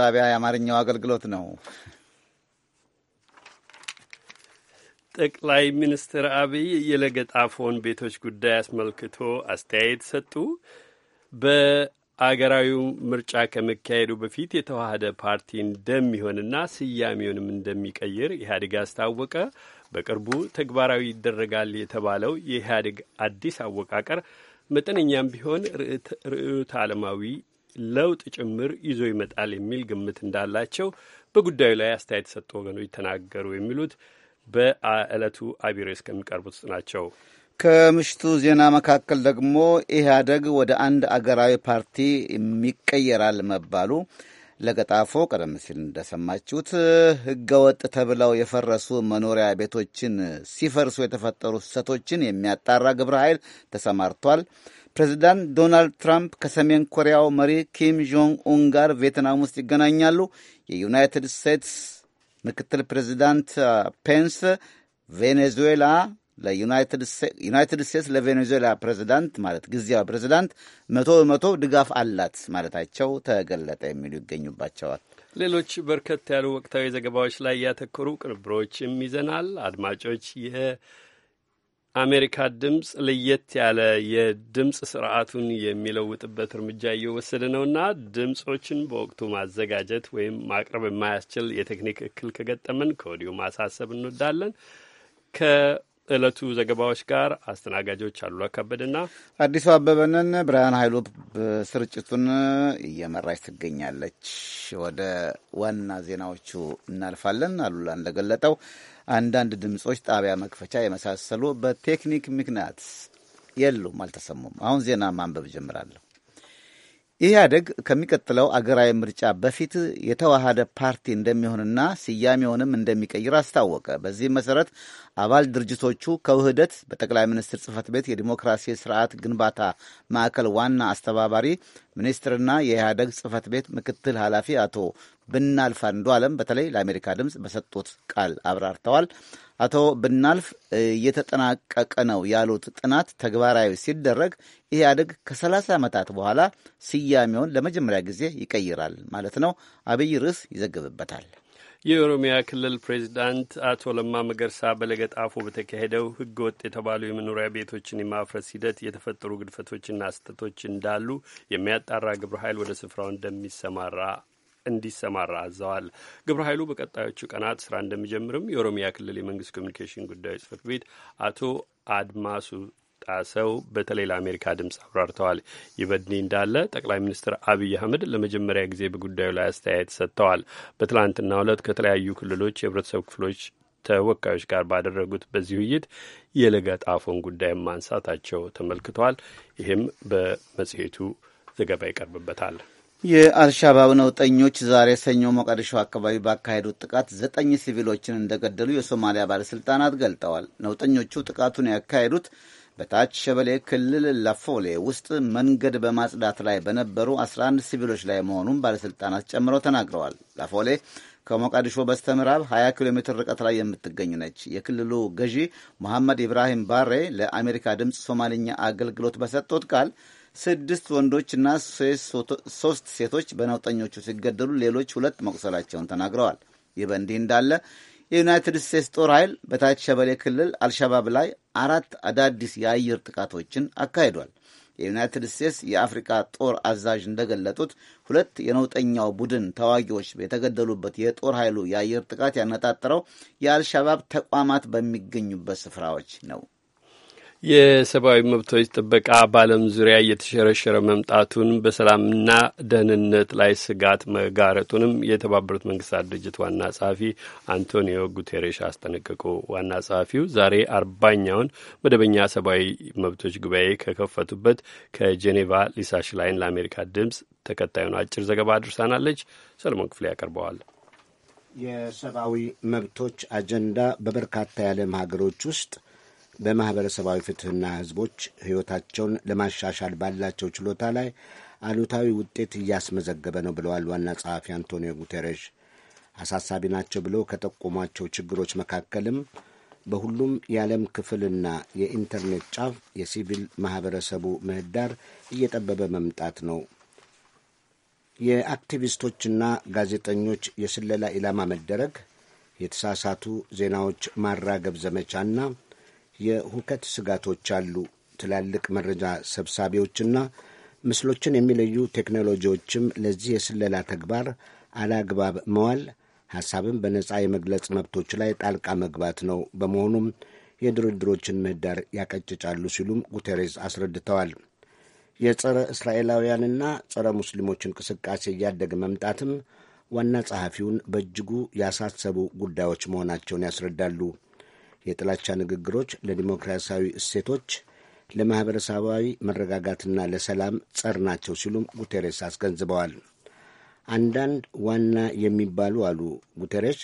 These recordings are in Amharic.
ጣቢያ የአማርኛው አገልግሎት ነው። ጠቅላይ ሚኒስትር አብይ የለገጣፎን ቤቶች ጉዳይ አስመልክቶ አስተያየት ሰጡ። በአገራዊ ምርጫ ከመካሄዱ በፊት የተዋህደ ፓርቲ እንደሚሆንና ስያሜውንም እንደሚቀይር ኢህአዴግ አስታወቀ። በቅርቡ ተግባራዊ ይደረጋል የተባለው የኢህአዴግ አዲስ አወቃቀር መጠነኛም ቢሆን ርዕዮተ ዓለማዊ ለውጥ ጭምር ይዞ ይመጣል የሚል ግምት እንዳላቸው በጉዳዩ ላይ አስተያየት የሰጡ ወገኖች ተናገሩ። የሚሉት በዕለቱ አቢሬስ እስከሚቀርቡት ውስጥ ናቸው። ከምሽቱ ዜና መካከል ደግሞ ኢህአደግ ወደ አንድ አገራዊ ፓርቲ የሚቀየራል መባሉ ለገጣፎ ቀደም ሲል እንደሰማችሁት ህገወጥ ተብለው የፈረሱ መኖሪያ ቤቶችን ሲፈርሱ የተፈጠሩ ሰቶችን የሚያጣራ ግብረ ኃይል ተሰማርቷል። ፕሬዚዳንት ዶናልድ ትራምፕ ከሰሜን ኮሪያው መሪ ኪም ጆንግ ኡን ጋር ቪየትናም ውስጥ ይገናኛሉ። የዩናይትድ ስቴትስ ምክትል ፕሬዚዳንት ፔንስ ቬኔዙዌላ ዩናይትድ ስቴትስ ለቬኔዙዌላ ፕሬዚዳንት ማለት ጊዜያዊ ፕሬዚዳንት መቶ በመቶ ድጋፍ አላት ማለታቸው ተገለጠ። የሚሉ ይገኙባቸዋል። ሌሎች በርከት ያሉ ወቅታዊ ዘገባዎች ላይ ያተኮሩ ቅንብሮችም ይዘናል። አድማጮች አሜሪካ ድምፅ ለየት ያለ የድምፅ ስርዓቱን የሚለውጥበት እርምጃ እየወሰደ ነውና ድምፆችን በወቅቱ ማዘጋጀት ወይም ማቅረብ የማያስችል የቴክኒክ እክል ከገጠመን ከወዲሁ ማሳሰብ እንወዳለን። ዕለቱ ዘገባዎች ጋር አስተናጋጆች አሉላ ከበደና አዲሱ አበበንን። ብርሃን ኃይሉ ስርጭቱን እየመራች ትገኛለች። ወደ ዋና ዜናዎቹ እናልፋለን። አሉላ እንደገለጠው አንዳንድ ድምጾች ጣቢያ መክፈቻ የመሳሰሉ በቴክኒክ ምክንያት የሉም፣ አልተሰሙም። አሁን ዜና ማንበብ ጀምራለሁ። ኢህአደግ ከሚቀጥለው አገራዊ ምርጫ በፊት የተዋሃደ ፓርቲ እንደሚሆንና ስያሜውንም እንደሚቀይር አስታወቀ። በዚህም መሰረት አባል ድርጅቶቹ ከውህደት በጠቅላይ ሚኒስትር ጽህፈት ቤት የዲሞክራሲ ስርዓት ግንባታ ማዕከል ዋና አስተባባሪ ሚኒስትርና የኢህአደግ ጽህፈት ቤት ምክትል ኃላፊ አቶ ብናልፍ አንዱ ዓለም በተለይ ለአሜሪካ ድምፅ በሰጡት ቃል አብራርተዋል። አቶ ብናልፍ እየተጠናቀቀ ነው ያሉት ጥናት ተግባራዊ ሲደረግ ኢህአዴግ ከ30 ዓመታት በኋላ ስያሜውን ለመጀመሪያ ጊዜ ይቀይራል ማለት ነው። አብይ ርዕስ ይዘግብበታል። የኦሮሚያ ክልል ፕሬዚዳንት አቶ ለማ መገርሳ በለገጣፎ በተካሄደው ህገ ወጥ የተባሉ የመኖሪያ ቤቶችን የማፍረስ ሂደት የተፈጠሩ ግድፈቶችና ስህተቶች እንዳሉ የሚያጣራ ግብረ ኃይል ወደ ስፍራው እንደሚሰማራ እንዲሰማራ አዘዋል። ግብረ ኃይሉ በቀጣዮቹ ቀናት ስራ እንደሚጀምርም የኦሮሚያ ክልል የመንግስት ኮሚኒኬሽን ጉዳዮች ጽህፈት ቤት አቶ አድማሱ ጣሰው በተለይ ለአሜሪካ ድምፅ አብራርተዋል። ይበድኒ እንዳለ ጠቅላይ ሚኒስትር አብይ አህመድ ለመጀመሪያ ጊዜ በጉዳዩ ላይ አስተያየት ሰጥተዋል። በትላንትናው ዕለት ከተለያዩ ክልሎች የህብረተሰብ ክፍሎች ተወካዮች ጋር ባደረጉት በዚህ ውይይት የለገጣፎን ጉዳይ ማንሳታቸው ተመልክቷል። ይህም በመጽሔቱ ዘገባ ይቀርብበታል። የአልሻባብ ነውጠኞች ዛሬ ሰኞ ሞቃዲሾ አካባቢ ባካሄዱት ጥቃት ዘጠኝ ሲቪሎችን እንደገደሉ የሶማሊያ ባለሥልጣናት ገልጠዋል። ነውጠኞቹ ጥቃቱን ያካሄዱት በታች ሸበሌ ክልል ላፎሌ ውስጥ መንገድ በማጽዳት ላይ በነበሩ 11 ሲቪሎች ላይ መሆኑን ባለሥልጣናት ጨምረው ተናግረዋል። ላፎሌ ከሞቃዲሾ በስተ ምዕራብ 20 ኪሎ ሜትር ርቀት ላይ የምትገኝ ነች። የክልሉ ገዢ መሐመድ ኢብራሂም ባሬ ለአሜሪካ ድምፅ ሶማልኛ አገልግሎት በሰጡት ቃል ስድስት ወንዶችና ሶስት ሴቶች በነውጠኞቹ ሲገደሉ ሌሎች ሁለት መቁሰላቸውን ተናግረዋል። ይህ በእንዲህ እንዳለ የዩናይትድ ስቴትስ ጦር ኃይል በታች ሸበሌ ክልል አልሸባብ ላይ አራት አዳዲስ የአየር ጥቃቶችን አካሂዷል። የዩናይትድ ስቴትስ የአፍሪካ ጦር አዛዥ እንደገለጡት ሁለት የነውጠኛው ቡድን ተዋጊዎች የተገደሉበት የጦር ኃይሉ የአየር ጥቃት ያነጣጠረው የአልሸባብ ተቋማት በሚገኙበት ስፍራዎች ነው። የሰብአዊ መብቶች ጥበቃ በዓለም ዙሪያ እየተሸረሸረ መምጣቱን በሰላምና ደህንነት ላይ ስጋት መጋረጡንም የተባበሩት መንግስታት ድርጅት ዋና ጸሐፊ አንቶኒዮ ጉቴሬሽ አስጠነቀቁ። ዋና ጸሐፊው ዛሬ አርባኛውን መደበኛ ሰብአዊ መብቶች ጉባኤ ከከፈቱበት ከጄኔቫ ሊሳ ሽላይን ለአሜሪካ ድምፅ ተከታዩን አጭር ዘገባ አድርሳናለች። ሰለሞን ክፍሌ ያቀርበዋል። የሰብአዊ መብቶች አጀንዳ በበርካታ የዓለም ሀገሮች ውስጥ በማኅበረሰባዊ ፍትሕና ሕዝቦች ሕይወታቸውን ለማሻሻል ባላቸው ችሎታ ላይ አሉታዊ ውጤት እያስመዘገበ ነው ብለዋል ዋና ጸሐፊ አንቶኒዮ ጉቴሬሽ። አሳሳቢ ናቸው ብለው ከጠቆሟቸው ችግሮች መካከልም በሁሉም የዓለም ክፍልና የኢንተርኔት ጫፍ የሲቪል ማኅበረሰቡ ምህዳር እየጠበበ መምጣት ነው። የአክቲቪስቶችና ጋዜጠኞች የስለላ ኢላማ መደረግ፣ የተሳሳቱ ዜናዎች ማራገብ ዘመቻና የሁከት ስጋቶች አሉ። ትላልቅ መረጃ ሰብሳቢዎችና ምስሎችን የሚለዩ ቴክኖሎጂዎችም ለዚህ የስለላ ተግባር አላግባብ መዋል ሐሳብን በነጻ የመግለጽ መብቶች ላይ ጣልቃ መግባት ነው። በመሆኑም የድርድሮችን ምህዳር ያቀጭጫሉ ሲሉም ጉቴሬዝ አስረድተዋል። የጸረ እስራኤላውያንና ጸረ ሙስሊሞች እንቅስቃሴ እያደገ መምጣትም ዋና ጸሐፊውን በእጅጉ ያሳሰቡ ጉዳዮች መሆናቸውን ያስረዳሉ። የጥላቻ ንግግሮች ለዲሞክራሲያዊ እሴቶች፣ ለማኅበረሰባዊ መረጋጋትና ለሰላም ጸር ናቸው ሲሉም ጉቴሬስ አስገንዝበዋል። አንዳንድ ዋና የሚባሉ አሉ ጉቴሬስ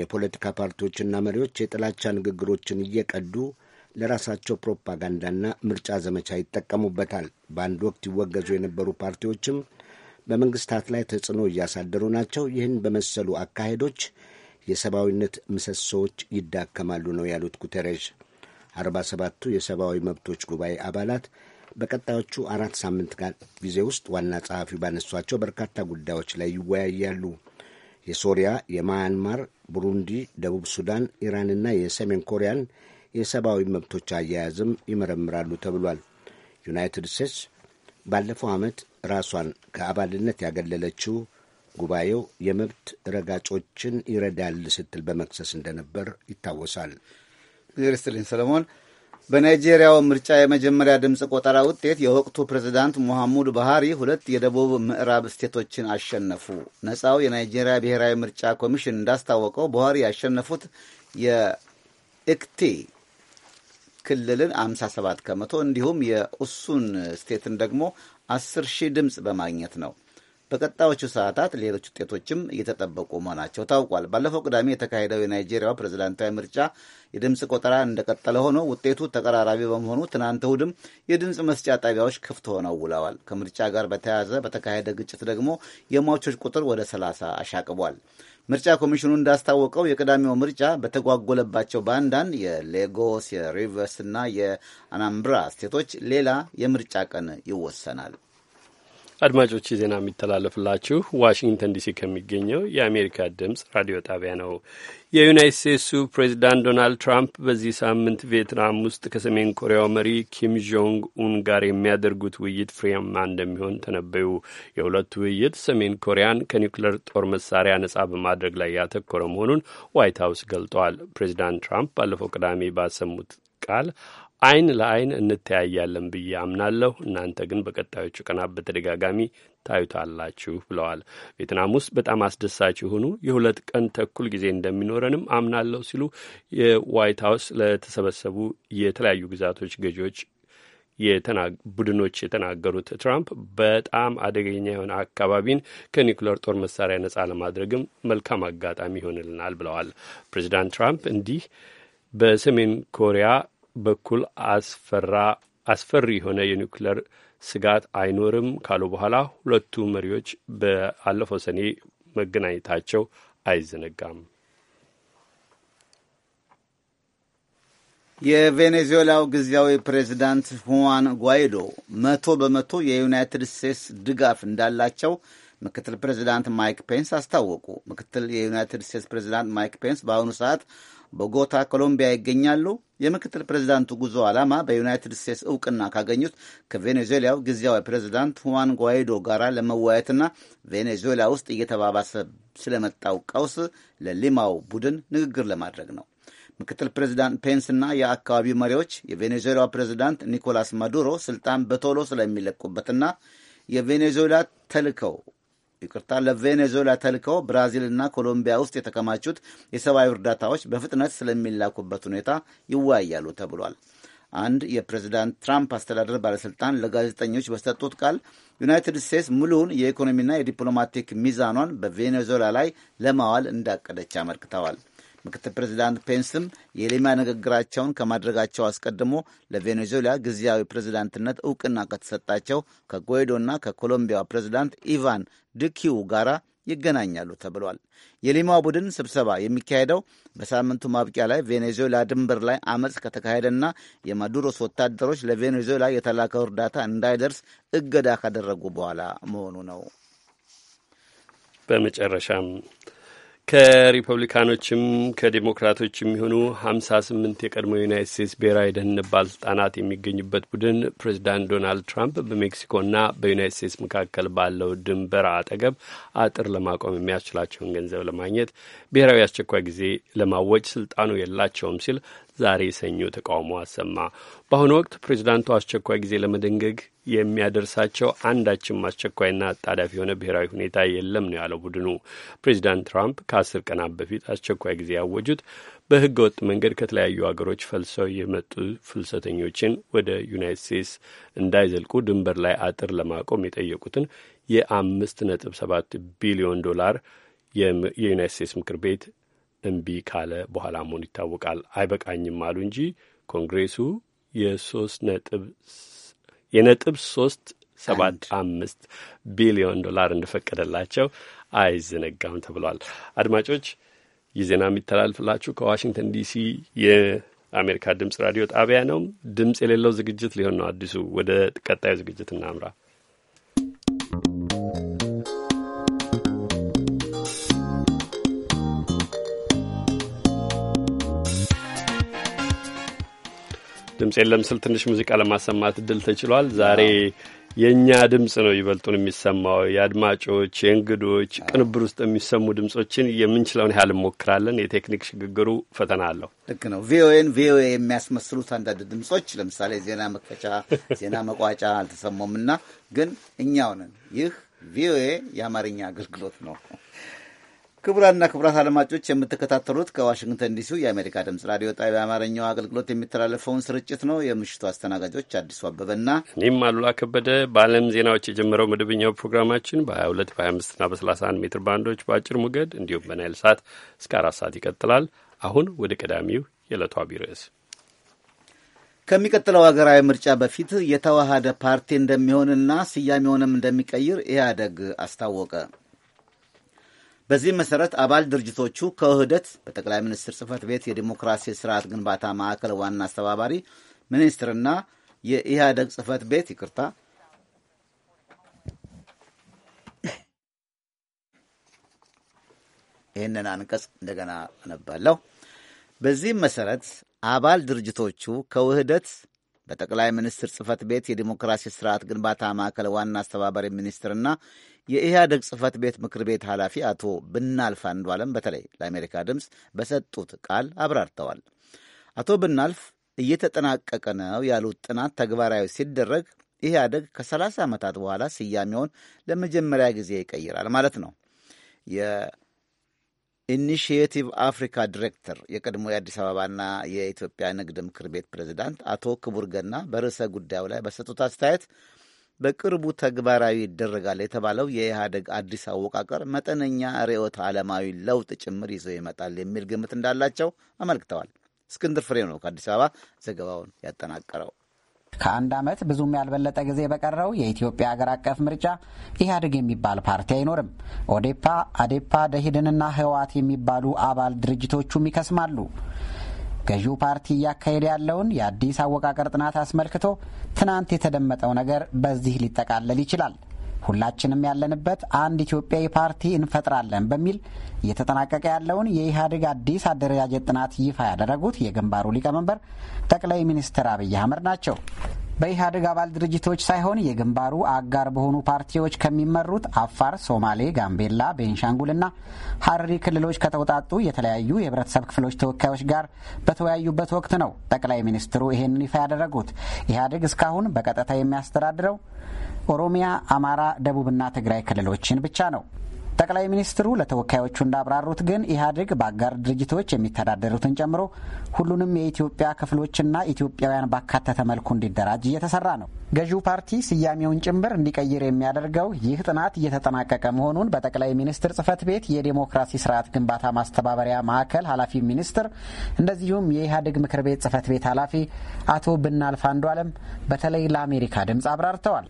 የፖለቲካ ፓርቲዎችና መሪዎች የጥላቻ ንግግሮችን እየቀዱ ለራሳቸው ፕሮፓጋንዳና ምርጫ ዘመቻ ይጠቀሙበታል። በአንድ ወቅት ይወገዙ የነበሩ ፓርቲዎችም በመንግስታት ላይ ተጽዕኖ እያሳደሩ ናቸው። ይህን በመሰሉ አካሄዶች የሰብአዊነት ምሰሶዎች ይዳከማሉ ነው ያሉት ጉተሬዥ። አርባ ሰባቱ የሰብአዊ መብቶች ጉባኤ አባላት በቀጣዮቹ አራት ሳምንት ጊዜ ውስጥ ዋና ጸሐፊው ባነሷቸው በርካታ ጉዳዮች ላይ ይወያያሉ። የሶሪያ፣ የማያንማር፣ ቡሩንዲ፣ ደቡብ ሱዳን፣ ኢራንና የሰሜን ኮሪያን የሰብአዊ መብቶች አያያዝም ይመረምራሉ ተብሏል። ዩናይትድ ስቴትስ ባለፈው ዓመት ራሷን ከአባልነት ያገለለችው ጉባኤው የመብት ረጋጮችን ይረዳል ስትል በመክሰስ እንደነበር ይታወሳል። እግዚአብሔር ይስጥልኝ ሰለሞን። በናይጄሪያው ምርጫ የመጀመሪያ ድምፅ ቆጠራ ውጤት የወቅቱ ፕሬዚዳንት ሙሐሙድ ባህሪ ሁለት የደቡብ ምዕራብ ስቴቶችን አሸነፉ። ነፃው የናይጄሪያ ብሔራዊ ምርጫ ኮሚሽን እንዳስታወቀው ባህሪ ያሸነፉት የእክቴ ክልልን 57 ከመቶ እንዲሁም የኡሱን ስቴትን ደግሞ 10 ሺህ ድምፅ በማግኘት ነው። በቀጣዮቹ ሰዓታት ሌሎች ውጤቶችም እየተጠበቁ መሆናቸው ታውቋል። ባለፈው ቅዳሜ የተካሄደው የናይጄሪያው ፕሬዚዳንታዊ ምርጫ የድምፅ ቆጠራ እንደቀጠለ ሆኖ ውጤቱ ተቀራራቢ በመሆኑ ትናንት እሁድም የድምፅ መስጫ ጣቢያዎች ክፍት ሆነው ውለዋል። ከምርጫ ጋር በተያያዘ በተካሄደ ግጭት ደግሞ የሟቾች ቁጥር ወደ 30 አሻቅቧል። ምርጫ ኮሚሽኑ እንዳስታወቀው የቅዳሜው ምርጫ በተጓጎለባቸው በአንዳንድ የሌጎስ የሪቨርስ እና የአናምብራ ስቴቶች ሌላ የምርጫ ቀን ይወሰናል። አድማጮች ዜና የሚተላለፍላችሁ ዋሽንግተን ዲሲ ከሚገኘው የአሜሪካ ድምፅ ራዲዮ ጣቢያ ነው። የዩናይት ስቴትሱ ፕሬዚዳንት ዶናልድ ትራምፕ በዚህ ሳምንት ቪየትናም ውስጥ ከሰሜን ኮሪያው መሪ ኪም ጆንግ ኡን ጋር የሚያደርጉት ውይይት ፍሬያማ እንደሚሆን ተነበዩ። የሁለቱ ውይይት ሰሜን ኮሪያን ከኒውክሌር ጦር መሳሪያ ነጻ በማድረግ ላይ ያተኮረ መሆኑን ዋይት ሀውስ ገልጠዋል። ፕሬዚዳንት ትራምፕ ባለፈው ቅዳሜ ባሰሙት ቃል አይን ለአይን እንተያያለን ብዬ አምናለሁ። እናንተ ግን በቀጣዮቹ ቀናት በተደጋጋሚ ታዩታላችሁ ብለዋል። ቬትናም ውስጥ በጣም አስደሳች የሆኑ የሁለት ቀን ተኩል ጊዜ እንደሚኖረንም አምናለሁ ሲሉ የዋይት ሀውስ ለተሰበሰቡ የተለያዩ ግዛቶች ገዢዎች ቡድኖች የተናገሩት ትራምፕ በጣም አደገኛ የሆነ አካባቢን ከኒውክለር ጦር መሳሪያ ነጻ ለማድረግም መልካም አጋጣሚ ይሆንልናል ብለዋል። ፕሬዚዳንት ትራምፕ እንዲህ በሰሜን ኮሪያ በኩል አስፈራ አስፈሪ የሆነ የኒውክሌር ስጋት አይኖርም ካሉ በኋላ ሁለቱ መሪዎች በአለፈው ሰኔ መገናኘታቸው አይዘነጋም። የቬኔዙዌላው ጊዜያዊ ፕሬዚዳንት ሁዋን ጓይዶ መቶ በመቶ የዩናይትድ ስቴትስ ድጋፍ እንዳላቸው ምክትል ፕሬዚዳንት ማይክ ፔንስ አስታወቁ። ምክትል የዩናይትድ ስቴትስ ፕሬዚዳንት ማይክ ፔንስ በአሁኑ ሰዓት ቦጎታ ኮሎምቢያ ይገኛሉ። የምክትል ፕሬዚዳንቱ ጉዞ ዓላማ በዩናይትድ ስቴትስ እውቅና ካገኙት ከቬኔዙዌላው ጊዜያዊ ፕሬዚዳንት ሁዋን ጓይዶ ጋራ ለመወያየትና ቬኔዙዌላ ውስጥ እየተባባሰ ስለመጣው ቀውስ ለሊማው ቡድን ንግግር ለማድረግ ነው። ምክትል ፕሬዚዳንት ፔንስና የአካባቢው መሪዎች የቬኔዙዌላ ፕሬዚዳንት ኒኮላስ ማዱሮ ስልጣን በቶሎ ስለሚለቁበትና የቬኔዙዌላ ተልከው ይቅርታ ለቬኔዙዌላ ተልከው ብራዚልና ኮሎምቢያ ውስጥ የተከማቹት የሰብአዊ እርዳታዎች በፍጥነት ስለሚላኩበት ሁኔታ ይወያያሉ ተብሏል። አንድ የፕሬዚዳንት ትራምፕ አስተዳደር ባለስልጣን ለጋዜጠኞች በሰጡት ቃል ዩናይትድ ስቴትስ ሙሉውን የኢኮኖሚና የዲፕሎማቲክ ሚዛኗን በቬኔዙዌላ ላይ ለማዋል እንዳቀደች አመልክተዋል። ምክትል ፕሬዚዳንት ፔንስም የሊማ ንግግራቸውን ከማድረጋቸው አስቀድሞ ለቬኔዙዌላ ጊዜያዊ ፕሬዚዳንትነት እውቅና ከተሰጣቸው ከጓይዶና ከኮሎምቢያ ፕሬዚዳንት ኢቫን ድኪው ጋር ይገናኛሉ ተብሏል። የሊማ ቡድን ስብሰባ የሚካሄደው በሳምንቱ ማብቂያ ላይ ቬኔዙዌላ ድንበር ላይ አመፅ ከተካሄደና የማዱሮስ ወታደሮች ለቬኔዙዌላ የተላከው እርዳታ እንዳይደርስ እገዳ ካደረጉ በኋላ መሆኑ ነው። በመጨረሻም ከሪፐብሊካኖችም ከዴሞክራቶች የሆኑ ሀምሳ ስምንት የቀድሞ ዩናይት ስቴትስ ብሔራዊ ደህንነት ባለስልጣናት የሚገኙበት ቡድን ፕሬዚዳንት ዶናልድ ትራምፕ በሜክሲኮና በዩናይት ስቴትስ መካከል ባለው ድንበር አጠገብ አጥር ለማቆም የሚያስችላቸውን ገንዘብ ለማግኘት ብሔራዊ አስቸኳይ ጊዜ ለማወጅ ስልጣኑ የላቸውም ሲል ዛሬ ሰኞ ተቃውሞ አሰማ። በአሁኑ ወቅት ፕሬዚዳንቱ አስቸኳይ ጊዜ ለመደንገግ የሚያደርሳቸው አንዳችም አስቸኳይና አጣዳፊ የሆነ ብሔራዊ ሁኔታ የለም ነው ያለው ቡድኑ። ፕሬዚዳንት ትራምፕ ከአስር ቀናት በፊት አስቸኳይ ጊዜ ያወጁት በህገ ወጥ መንገድ ከተለያዩ ሀገሮች ፈልሰው የመጡ ፍልሰተኞችን ወደ ዩናይት ስቴትስ እንዳይዘልቁ ድንበር ላይ አጥር ለማቆም የጠየቁትን የአምስት ነጥብ ሰባት ቢሊዮን ዶላር የዩናይት ስቴትስ ምክር ቤት እምቢ ካለ በኋላ መሆኑ ይታወቃል። አይበቃኝም አሉ እንጂ ኮንግሬሱ የሶስት ነጥብ የነጥብ ሶስት ሰባት አምስት ቢሊዮን ዶላር እንደፈቀደላቸው አይዘነጋም ተብሏል። አድማጮች ይህ ዜና የሚተላልፍላችሁ ከዋሽንግተን ዲሲ የአሜሪካ ድምጽ ራዲዮ ጣቢያ ነው። ድምጽ የሌለው ዝግጅት ሊሆን ነው አዲሱ። ወደ ቀጣዩ ዝግጅት እናምራ። ድምፅ የለም ስል ትንሽ ሙዚቃ ለማሰማት እድል ተችሏል። ዛሬ የእኛ ድምፅ ነው ይበልጡን የሚሰማው የአድማጮች፣ የእንግዶች ቅንብር ውስጥ የሚሰሙ ድምፆችን የምንችለውን ያህል እንሞክራለን። የቴክኒክ ሽግግሩ ፈተና አለው። ልክ ነው። ቪኦኤን ቪኦኤ የሚያስመስሉት አንዳንድ ድምፆች ለምሳሌ ዜና መክፈቻ፣ ዜና መቋጫ አልተሰማምና ግን እኛው ነን። ይህ ቪኦኤ የአማርኛ አገልግሎት ነው። ክቡራና ክቡራት አድማጮች የምትከታተሉት ከዋሽንግተን ዲሲ የአሜሪካ ድምጽ ራዲዮ ጣቢያ አማርኛው አገልግሎት የሚተላለፈውን ስርጭት ነው። የምሽቱ አስተናጋጆች አዲሱ አበበና እኔም አሉላ ከበደ። በዓለም ዜናዎች የጀመረው መደበኛው ፕሮግራማችን በ22 በ25ና በ31 ሜትር ባንዶች በአጭር ሞገድ እንዲሁም በናይል ሰዓት እስከ አራት ሰዓት ይቀጥላል። አሁን ወደ ቀዳሚው የዕለቷ ቢይ ርዕስ ከሚቀጥለው ሀገራዊ ምርጫ በፊት የተዋሃደ ፓርቲ እንደሚሆንና ስያሜውንም እንደሚቀይር ኢህአደግ አስታወቀ። በዚህም መሰረት አባል ድርጅቶቹ ከውህደት በጠቅላይ ሚኒስትር ጽህፈት ቤት የዲሞክራሲ ስርዓት ግንባታ ማዕከል ዋና አስተባባሪ ሚኒስትርና የኢህአደግ ጽህፈት ቤት ይቅርታ ይህንን አንቀጽ እንደገና አነባለሁ። በዚህም መሰረት አባል ድርጅቶቹ ከውህደት በጠቅላይ ሚኒስትር ጽህፈት ቤት የዲሞክራሲ ስርዓት ግንባታ ማዕከል ዋና አስተባባሪ ሚኒስትርና የኢህአደግ ጽህፈት ቤት ምክር ቤት ኃላፊ አቶ ብናልፍ አንዷለም በተለይ ለአሜሪካ ድምፅ በሰጡት ቃል አብራርተዋል። አቶ ብናልፍ እየተጠናቀቀ ነው ያሉት ጥናት ተግባራዊ ሲደረግ ኢህአደግ ከ30 ዓመታት በኋላ ስያሜውን ለመጀመሪያ ጊዜ ይቀይራል ማለት ነው። ኢኒሽቲቭ አፍሪካ ዲሬክተር የቀድሞ የአዲስ አበባና የኢትዮጵያ ንግድ ምክር ቤት ፕሬዚዳንት አቶ ክቡር ገና በርዕሰ ጉዳዩ ላይ በሰጡት አስተያየት በቅርቡ ተግባራዊ ይደረጋል የተባለው የኢህአደግ አዲስ አወቃቀር መጠነኛ ርዕዮተ ዓለማዊ ለውጥ ጭምር ይዞ ይመጣል የሚል ግምት እንዳላቸው አመልክተዋል። እስክንድር ፍሬው ነው ከአዲስ አበባ ዘገባውን ያጠናቀረው። ከአንድ ዓመት ብዙም ያልበለጠ ጊዜ በቀረው የኢትዮጵያ ሀገር አቀፍ ምርጫ ኢህአዴግ የሚባል ፓርቲ አይኖርም። ኦዴፓ፣ አዴፓ፣ ደሂድንና ህወሓት የሚባሉ አባል ድርጅቶቹም ይከስማሉ። ገዢው ፓርቲ እያካሄደ ያለውን የአዲስ አወቃቀር ጥናት አስመልክቶ ትናንት የተደመጠው ነገር በዚህ ሊጠቃለል ይችላል። ሁላችንም ያለንበት አንድ ኢትዮጵያዊ ፓርቲ እንፈጥራለን በሚል እየተጠናቀቀ ያለውን የኢህአዴግ አዲስ አደረጃጀት ጥናት ይፋ ያደረጉት የግንባሩ ሊቀመንበር ጠቅላይ ሚኒስትር አብይ አህመድ ናቸው። በኢህአዴግ አባል ድርጅቶች ሳይሆን የግንባሩ አጋር በሆኑ ፓርቲዎች ከሚመሩት አፋር፣ ሶማሌ፣ ጋምቤላ፣ ቤንሻንጉልና ሀረሪ ክልሎች ከተውጣጡ የተለያዩ የህብረተሰብ ክፍሎች ተወካዮች ጋር በተወያዩበት ወቅት ነው ጠቅላይ ሚኒስትሩ ይህንን ይፋ ያደረጉት። ኢህአዴግ እስካሁን በቀጥታ የሚያስተዳድረው ኦሮሚያ፣ አማራ፣ ደቡብና ትግራይ ክልሎችን ብቻ ነው። ጠቅላይ ሚኒስትሩ ለተወካዮቹ እንዳብራሩት ግን ኢህአዴግ በአጋር ድርጅቶች የሚተዳደሩትን ጨምሮ ሁሉንም የኢትዮጵያ ክፍሎችና ኢትዮጵያውያን ባካተተ መልኩ እንዲደራጅ እየተሰራ ነው። ገዢው ፓርቲ ስያሜውን ጭምር እንዲቀይር የሚያደርገው ይህ ጥናት እየተጠናቀቀ መሆኑን በጠቅላይ ሚኒስትር ጽህፈት ቤት የዴሞክራሲ ስርዓት ግንባታ ማስተባበሪያ ማዕከል ኃላፊ ሚኒስትር እንደዚሁም የኢህአዴግ ምክር ቤት ጽህፈት ቤት ኃላፊ አቶ ብናልፍ አንዱ አለም በተለይ ለአሜሪካ ድምፅ አብራርተዋል።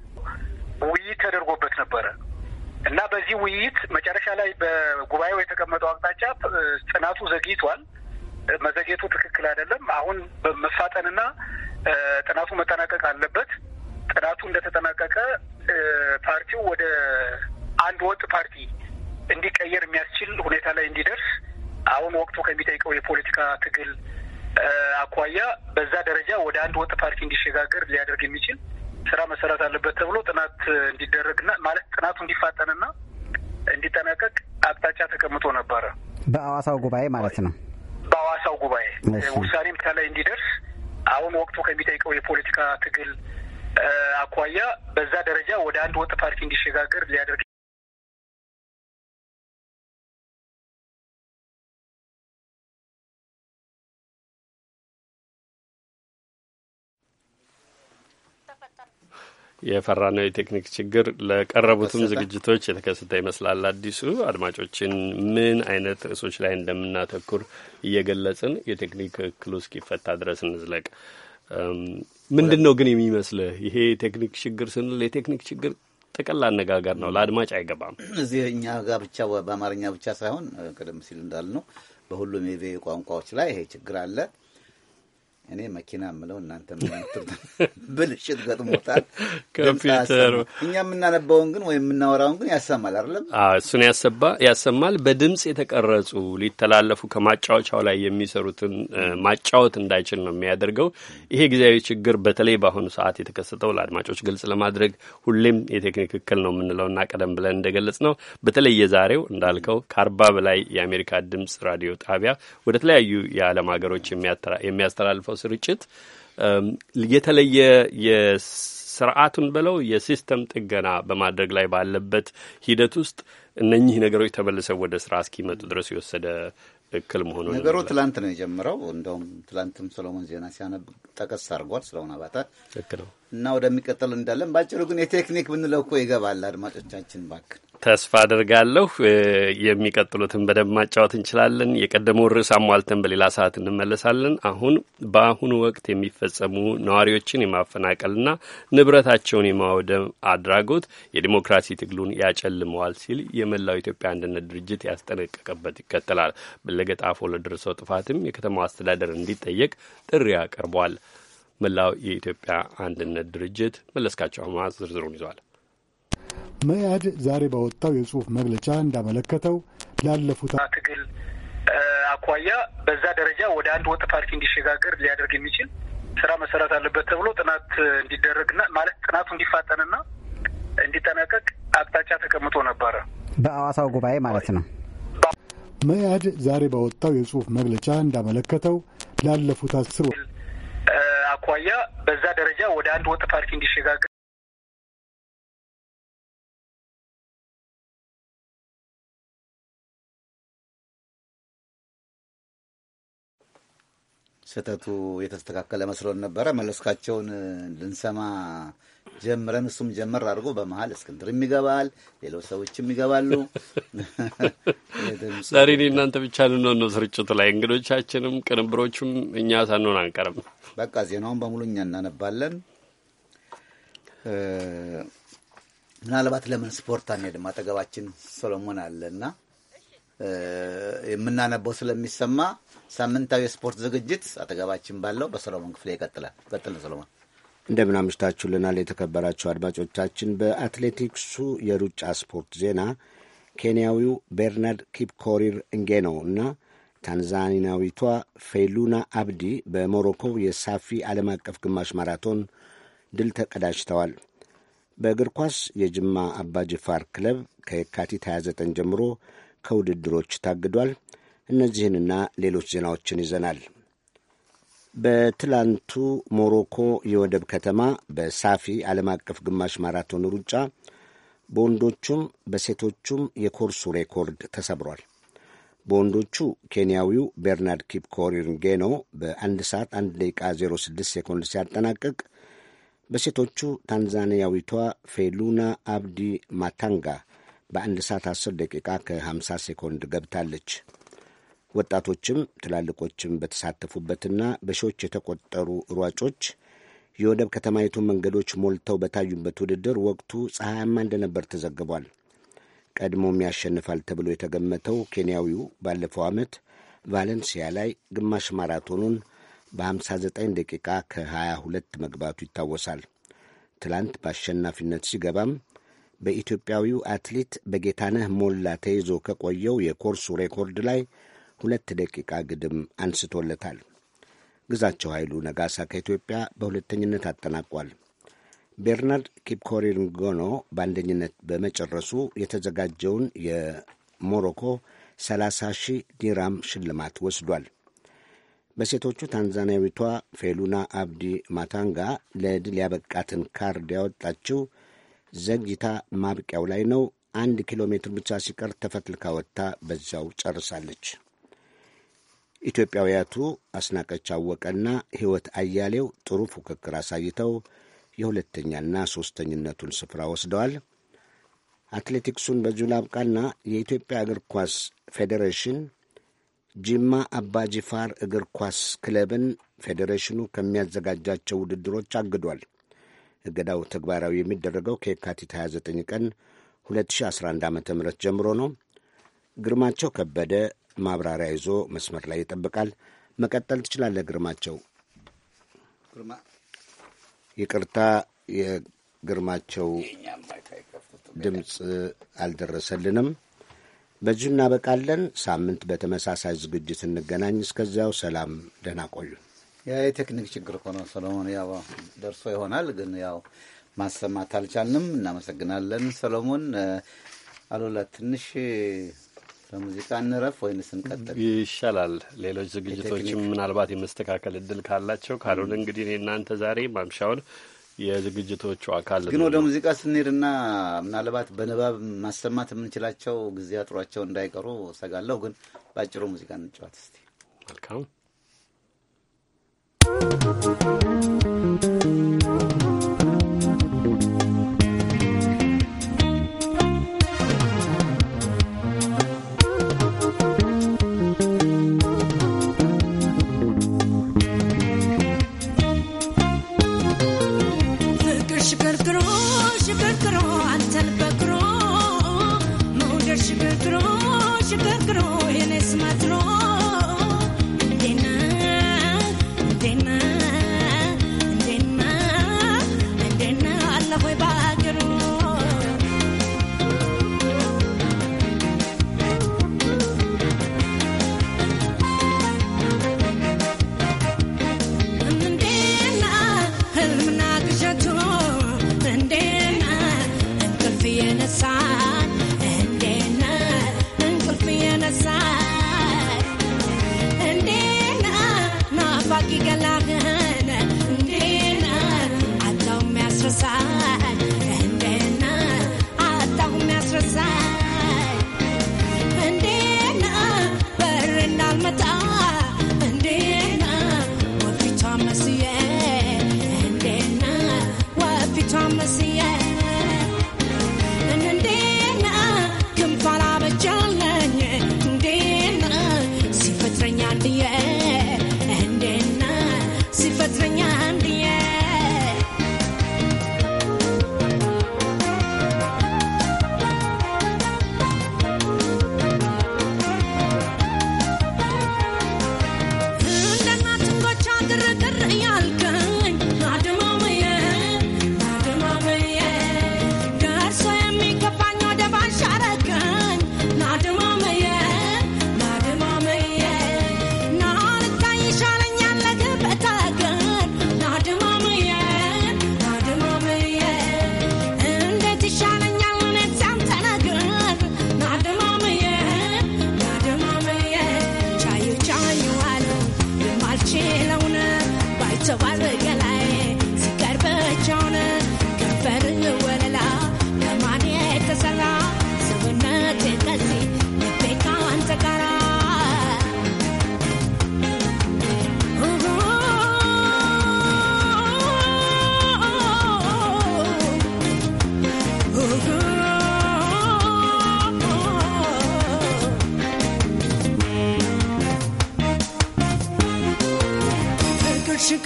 ተደርጎበት ነበረ እና በዚህ ውይይት መጨረሻ ላይ በጉባኤው የተቀመጠው አቅጣጫ ጥናቱ ዘግይቷል። መዘግየቱ ትክክል አይደለም። አሁን መፋጠንና ጥናቱ መጠናቀቅ አለበት። ጥናቱ እንደተጠናቀቀ ፓርቲው ወደ አንድ ወጥ ፓርቲ እንዲቀየር የሚያስችል ሁኔታ ላይ እንዲደርስ አሁን ወቅቱ ከሚጠይቀው የፖለቲካ ትግል አኳያ በዛ ደረጃ ወደ አንድ ወጥ ፓርቲ እንዲሸጋገር ሊያደርግ የሚችል ስራ መሰራት አለበት ተብሎ ጥናት እንዲደረግና ማለት ጥናቱ እንዲፋጠንና እንዲጠናቀቅ አቅጣጫ ተቀምጦ ነበረ። በአዋሳው ጉባኤ ማለት ነው። በአዋሳው ጉባኤ ውሳኔም ከላይ እንዲደርስ አሁን ወቅቱ ከሚጠይቀው የፖለቲካ ትግል አኳያ በዛ ደረጃ ወደ አንድ ወጥ ፓርቲ እንዲሸጋገር ሊያደርግ የፈራነው የቴክኒክ ችግር ለቀረቡትም ዝግጅቶች የተከሰተ ይመስላል። አዲሱ አድማጮችን ምን አይነት ርዕሶች ላይ እንደምናተኩር እየገለጽን የቴክኒክ እክሉ እስኪፈታ ድረስ እንዝለቅ። ምንድን ነው ግን የሚመስልህ ይሄ የቴክኒክ ችግር ስንል የቴክኒክ ችግር ጥቅል አነጋገር ነው፣ ለአድማጭ አይገባም። እዚህ እኛ ጋር ብቻ በአማርኛ ብቻ ሳይሆን ቅድም ሲል እንዳልነው በሁሉም የቪኦኤ ቋንቋዎች ላይ ይሄ ችግር አለ። እኔ መኪና ምለው እናንተ ብልሽት ገጥሞታል ኮምፒውተሩ። እኛ የምናነባውን ግን ወይም የምናወራውን ግን ያሰማል አይደለም? እሱን ያሰማል። በድምፅ የተቀረጹ ሊተላለፉ ከማጫወቻው ላይ የሚሰሩትን ማጫወት እንዳይችል ነው የሚያደርገው። ይሄ ጊዜያዊ ችግር በተለይ በአሁኑ ሰዓት የተከሰተው ለአድማጮች ግልጽ ለማድረግ ሁሌም የቴክኒክ እክል ነው የምንለውና ቀደም ብለን እንደገለጽ ነው በተለይ የዛሬው እንዳልከው ከአርባ በላይ የአሜሪካ ድምፅ ራዲዮ ጣቢያ ወደ ተለያዩ የዓለም ሀገሮች የሚያስተላልፈው ስርጭት የተለየ የስርዓቱን ብለው የሲስተም ጥገና በማድረግ ላይ ባለበት ሂደት ውስጥ እነኚህ ነገሮች ተመልሰው ወደ ስራ እስኪመጡ ድረስ የወሰደ እክል መሆኑ ነገሩ ትላንት ነው የጀመረው። እንደውም ትላንትም ሰሎሞን ዜና ሲያነብ ጠቀስ አድርጓል። ስለሆነ አባተ ነው እና ወደሚቀጥል እንዳለን ባጭሩ ግን የቴክኒክ ብንለው እኮ ይገባል። አድማጮቻችን ባክን ተስፋ አድርጋለሁ። የሚቀጥሉትን በደንብ ማጫወት እንችላለን። የቀደመውን ርዕስ አሟልተን በሌላ ሰዓት እንመለሳለን። አሁን በአሁኑ ወቅት የሚፈጸሙ ነዋሪዎችን የማፈናቀልና ንብረታቸውን የማውደም አድራጎት የዲሞክራሲ ትግሉን ያጨልመዋል ሲል የመላው ኢትዮጵያ አንድነት ድርጅት ያስጠነቀቀበት ይከተላል። በለገጣፎ ለደረሰው ጥፋትም የከተማው አስተዳደር እንዲጠየቅ ጥሪ አቅርቧል። መላው የኢትዮጵያ አንድነት ድርጅት መለስካቸው አማረ ዝርዝሩን ይዟል። መያድ ዛሬ ባወጣው የጽሁፍ መግለጫ እንዳመለከተው ላለፉት ትግል አኳያ በዛ ደረጃ ወደ አንድ ወጥ ፓርቲ እንዲሸጋገር ሊያደርግ የሚችል ስራ መሰራት አለበት ተብሎ ጥናት እንዲደረግና ማለት ጥናቱ እንዲፋጠንና እንዲጠናቀቅ አቅጣጫ ተቀምጦ ነበረ በአዋሳው ጉባኤ ማለት ነው። መያድ ዛሬ ባወጣው የጽሁፍ መግለጫ እንዳመለከተው ላለፉት አስር አኳያ በዛ ደረጃ ወደ አንድ ወጥ ፓርቲ እንዲሸጋገር ስህተቱ የተስተካከለ መስሎን ነበረ። መለስካቸውን ልንሰማ ጀምረን እሱም ጀመር አድርጎ በመሀል እስክንድርም ይገባል፣ ሌሎች ሰዎችም ይገባሉ። ዛሬ እኔ እናንተ ብቻ ልንሆን ነው ስርጭቱ ላይ እንግዶቻችንም ቅንብሮቹም እኛ ሳንሆን አንቀርም። በቃ ዜናውን በሙሉ እኛ እናነባለን። ምናልባት ለምን ስፖርት አንሄድም? አጠገባችን ሰሎሞን አለና የምናነበው ስለሚሰማ ሳምንታዊ የስፖርት ዝግጅት አጠገባችን ባለው በሰሎሞን ክፍሌ ይቀጥላል። ቀጥል ሰሎሞን። እንደምን አምሽታችሁልናል የተከበራችሁ አድማጮቻችን። በአትሌቲክሱ የሩጫ ስፖርት ዜና ኬንያዊው ቤርናርድ ኪፕኮሪር እንጌኖው እና ታንዛኒያዊቷ ፌሉና አብዲ በሞሮኮው የሳፊ ዓለም አቀፍ ግማሽ ማራቶን ድል ተቀዳጅተዋል። በእግር ኳስ የጅማ አባጅፋር ክለብ ከየካቲት 29 ጀምሮ ከውድድሮች ታግዷል። እነዚህንና ሌሎች ዜናዎችን ይዘናል። በትላንቱ ሞሮኮ የወደብ ከተማ በሳፊ ዓለም አቀፍ ግማሽ ማራቶን ሩጫ በወንዶቹም በሴቶቹም የኮርሱ ሬኮርድ ተሰብሯል። በወንዶቹ ኬንያዊው ቤርናርድ ኪፕኮሪንጌኖ በ1 ሰዓት 1 ደቂቃ 06 ሴኮንድ ሲያጠናቅቅ በሴቶቹ ታንዛኒያዊቷ ፌሉና አብዲ ማታንጋ በአንድ ሰዓት 10 ደቂቃ ከ50 ሴኮንድ ገብታለች። ወጣቶችም ትላልቆችም በተሳተፉበትና በሺዎች የተቆጠሩ ሯጮች የወደብ ከተማይቱ መንገዶች ሞልተው በታዩበት ውድድር ወቅቱ ፀሐያማ እንደነበር ተዘግቧል። ቀድሞም ያሸንፋል ተብሎ የተገመተው ኬንያዊው ባለፈው ዓመት ቫለንሲያ ላይ ግማሽ ማራቶኑን በ59 ደቂቃ ከ22 መግባቱ ይታወሳል። ትላንት በአሸናፊነት ሲገባም በኢትዮጵያዊው አትሌት በጌታነህ ሞላ ተይዞ ከቆየው የኮርሱ ሬኮርድ ላይ ሁለት ደቂቃ ግድም አንስቶለታል። ግዛቸው ኃይሉ ነጋሳ ከኢትዮጵያ በሁለተኝነት አጠናቋል። ቤርናርድ ኪፕኮሪንጎኖ በአንደኝነት በመጨረሱ የተዘጋጀውን የሞሮኮ 30 ሺህ ዲራም ሽልማት ወስዷል። በሴቶቹ ታንዛኒያዊቷ ፌሉና አብዲ ማታንጋ ለድል ያበቃትን ካርድ ያወጣችው ዘግይታ ማብቂያው ላይ ነው። አንድ ኪሎ ሜትር ብቻ ሲቀር ተፈትልካ ወጥታ በዚያው ጨርሳለች። ኢትዮጵያውያቱ አስናቀች አወቀና ሕይወት አያሌው ጥሩ ፉክክር አሳይተው የሁለተኛና ሦስተኝነቱን ስፍራ ወስደዋል። አትሌቲክሱን በዚሁ ላብቃና የኢትዮጵያ እግር ኳስ ፌዴሬሽን ጂማ አባጂፋር እግር ኳስ ክለብን ፌዴሬሽኑ ከሚያዘጋጃቸው ውድድሮች አግዷል። እገዳው ተግባራዊ የሚደረገው ከየካቲት 29 ቀን 2011 ዓ ም ጀምሮ ነው። ግርማቸው ከበደ ማብራሪያ ይዞ መስመር ላይ ይጠብቃል። መቀጠል ትችላለህ ግርማቸው። ይቅርታ፣ የግርማቸው ድምፅ አልደረሰልንም። በዚሁ እናበቃለን። ሳምንት በተመሳሳይ ዝግጅት እንገናኝ። እስከዚያው ሰላም፣ ደህና ቆዩ። ያ የቴክኒክ ችግር ሆኖ ሰሎሞን ያው ደርሶ ይሆናል ግን ያው ማሰማት አልቻልንም። እናመሰግናለን ሰሎሞን። አሉላ ትንሽ በሙዚቃ እንረፍ ወይንስ ስንቀጥል ይሻላል? ሌሎች ዝግጅቶችም ምናልባት የመስተካከል እድል ካላቸው ካልሆነ እንግዲህ እኔ እናንተ ዛሬ ማምሻውን የዝግጅቶቹ አካል ግን ወደ ሙዚቃ ስንሄድና ምናልባት በንባብ ማሰማት የምንችላቸው ጊዜ አጥሯቸው እንዳይቀሩ ሰጋለሁ። ግን በአጭሩ ሙዚቃ እንጫወት እስቲ። መልካም thank you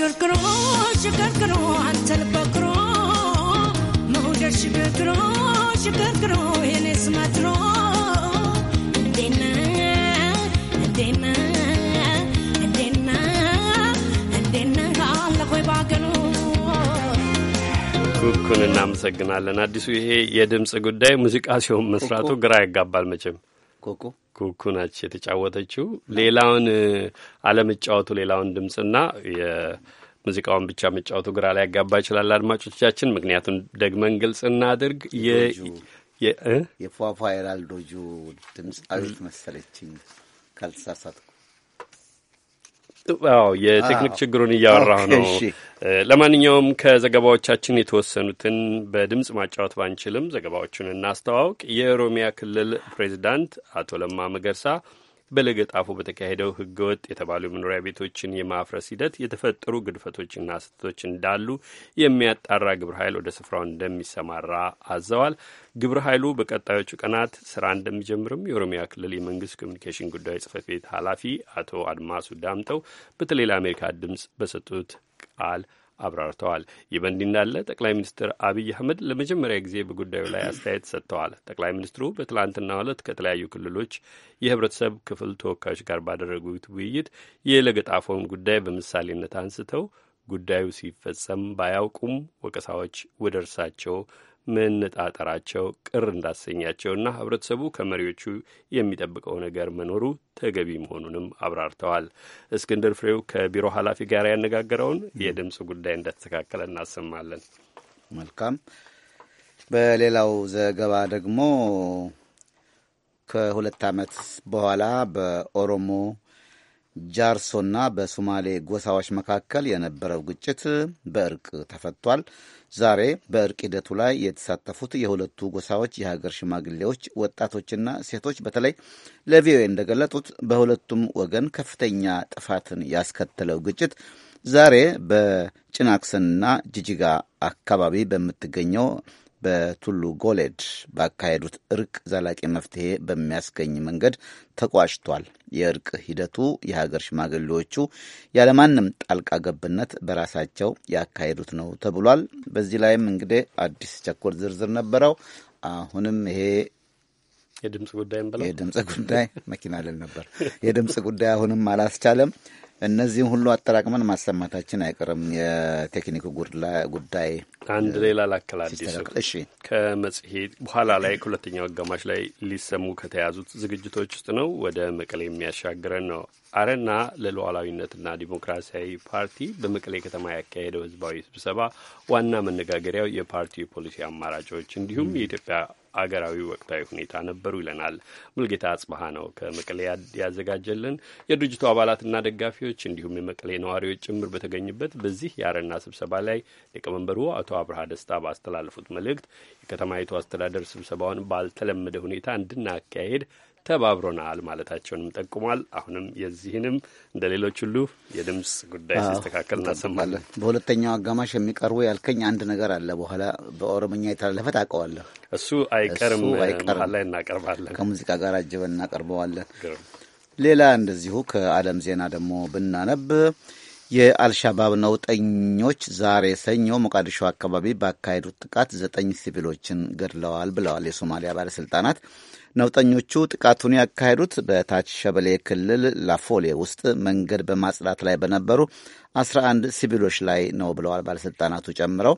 ሽግርግሮ ኩኩን እናመሰግናለን። አዲሱ ይሄ የድምፅ ጉዳይ ሙዚቃ ሲሆን መስራቱ ግራ ያጋባል መቼም ኩኩ ኩኩ ናች የተጫወተችው። ሌላውን አለመጫወቱ ሌላውን ድምፅና ሙዚቃውን ብቻ መጫወቱ ግራ ላይ ያጋባ ይችላል አድማጮቻችን። ምክንያቱም ደግመን ግልጽ እናድርግ። የፏፏ ድምፅ አቤት መሰለችኝ ካልተሳሳትኩ ው የቴክኒክ ችግሩን እያወራሁ ነው። ለማንኛውም ከዘገባዎቻችን የተወሰኑትን በድምፅ ማጫወት ባንችልም ዘገባዎቹን እናስተዋውቅ። የኦሮሚያ ክልል ፕሬዚዳንት አቶ ለማ መገርሳ በለገጣፉ በተካሄደው ህገወጥ የተባሉ የመኖሪያ ቤቶችን የማፍረስ ሂደት የተፈጠሩ ግድፈቶችና ስህተቶች እንዳሉ የሚያጣራ ግብረ ኃይል ወደ ስፍራው እንደሚሰማራ አዘዋል። ግብረ ኃይሉ በቀጣዮቹ ቀናት ስራ እንደሚጀምርም የኦሮሚያ ክልል የመንግስት ኮሚኒኬሽን ጉዳዮች ጽህፈት ቤት ኃላፊ አቶ አድማሱ ዳምጠው በተለይ ለአሜሪካ ድምፅ በሰጡት ቃል አብራርተዋል። ይህ በእንዲህ እንዳለ ጠቅላይ ሚኒስትር አብይ አህመድ ለመጀመሪያ ጊዜ በጉዳዩ ላይ አስተያየት ሰጥተዋል። ጠቅላይ ሚኒስትሩ በትላንትናው ዕለት ከተለያዩ ክልሎች የህብረተሰብ ክፍል ተወካዮች ጋር ባደረጉት ውይይት የለገጣፎን ጉዳይ በምሳሌነት አንስተው ጉዳዩ ሲፈጸም ባያውቁም ወቀሳዎች ወደ እርሳቸው መነጣጠራቸው ቅር እንዳሰኛቸውና ህብረተሰቡ ከመሪዎቹ የሚጠብቀው ነገር መኖሩ ተገቢ መሆኑንም አብራርተዋል። እስክንድር ፍሬው ከቢሮ ኃላፊ ጋር ያነጋገረውን የድምፅ ጉዳይ እንደተስተካከለ እናሰማለን። መልካም። በሌላው ዘገባ ደግሞ ከሁለት ዓመት በኋላ በኦሮሞ ጃርሶና በሶማሌ ጎሳዎች መካከል የነበረው ግጭት በእርቅ ተፈቷል። ዛሬ በእርቅ ሂደቱ ላይ የተሳተፉት የሁለቱ ጎሳዎች የሀገር ሽማግሌዎች፣ ወጣቶችና ሴቶች በተለይ ለቪኦኤ እንደገለጡት በሁለቱም ወገን ከፍተኛ ጥፋትን ያስከተለው ግጭት ዛሬ በጭናክስንና ጅጅጋ አካባቢ በምትገኘው በቱሉ ጎሌድ ባካሄዱት እርቅ ዘላቂ መፍትሄ በሚያስገኝ መንገድ ተቋጭቷል። የእርቅ ሂደቱ የሀገር ሽማግሌዎቹ ያለማንም ጣልቃ ገብነት በራሳቸው ያካሄዱት ነው ተብሏል። በዚህ ላይም እንግዲህ አዲስ ቸኮል ዝርዝር ነበረው። አሁንም ይሄ የድምፅ ጉዳይ የድምፅ ጉዳይ መኪና ልል ነበር። የድምፅ ጉዳይ አሁንም አላስቻለም። እነዚህም ሁሉ አጠራቅመን ማሰማታችን አይቀርም። የቴክኒክ ጉዳይ አንድ ሌላ ላከል አዲሱ ከመጽሔት በኋላ ላይ ከሁለተኛው አጋማሽ ላይ ሊሰሙ ከተያዙት ዝግጅቶች ውስጥ ነው። ወደ መቀሌ የሚያሻግረን ነው። አረና ለሉዓላዊነትና ዲሞክራሲያዊ ፓርቲ በመቀሌ ከተማ ያካሄደው ህዝባዊ ስብሰባ ዋና መነጋገሪያው የፓርቲው ፖሊሲ አማራጮች እንዲሁም የኢትዮጵያ አገራዊ ወቅታዊ ሁኔታ ነበሩ ይለናል። ሙልጌታ አጽባሀ ነው ከመቀሌ ያዘጋጀልን። የድርጅቱ አባላትና ደጋፊዎች እንዲሁም የመቀሌ ነዋሪዎች ጭምር በተገኙበት በዚህ የአረና ስብሰባ ላይ ሊቀመንበሩ አቶ አብርሃ ደስታ ባስተላለፉት መልእክት የከተማይቱ አስተዳደር ስብሰባውን ባልተለመደ ሁኔታ እንድናካሄድ ተባብሮናል ማለታቸውንም ጠቁሟል። አሁንም የዚህንም እንደ ሌሎች ሁሉ የድምፅ ጉዳይ ሲስተካከል እናሰማለን። በሁለተኛው አጋማሽ የሚቀርቡ ያልከኝ አንድ ነገር አለ። በኋላ በኦሮምኛ የተላለፈ ታውቀዋለህ። እሱ አይቀርም፣ መሀል ላይ እናቀርባለን። ከሙዚቃ ጋር አጅበን እናቀርበዋለን። ሌላ እንደዚሁ ከዓለም ዜና ደግሞ ብናነብ የአልሻባብ ነውጠኞች ዛሬ ሰኞ ሞቃዲሾ አካባቢ ባካሄዱት ጥቃት ዘጠኝ ሲቪሎችን ገድለዋል ብለዋል የሶማሊያ ባለስልጣናት። ነውጠኞቹ ጥቃቱን ያካሄዱት በታች ሸበሌ ክልል ላፎሌ ውስጥ መንገድ በማጽዳት ላይ በነበሩ 11 ሲቪሎች ላይ ነው ብለዋል ባለሥልጣናቱ ጨምረው።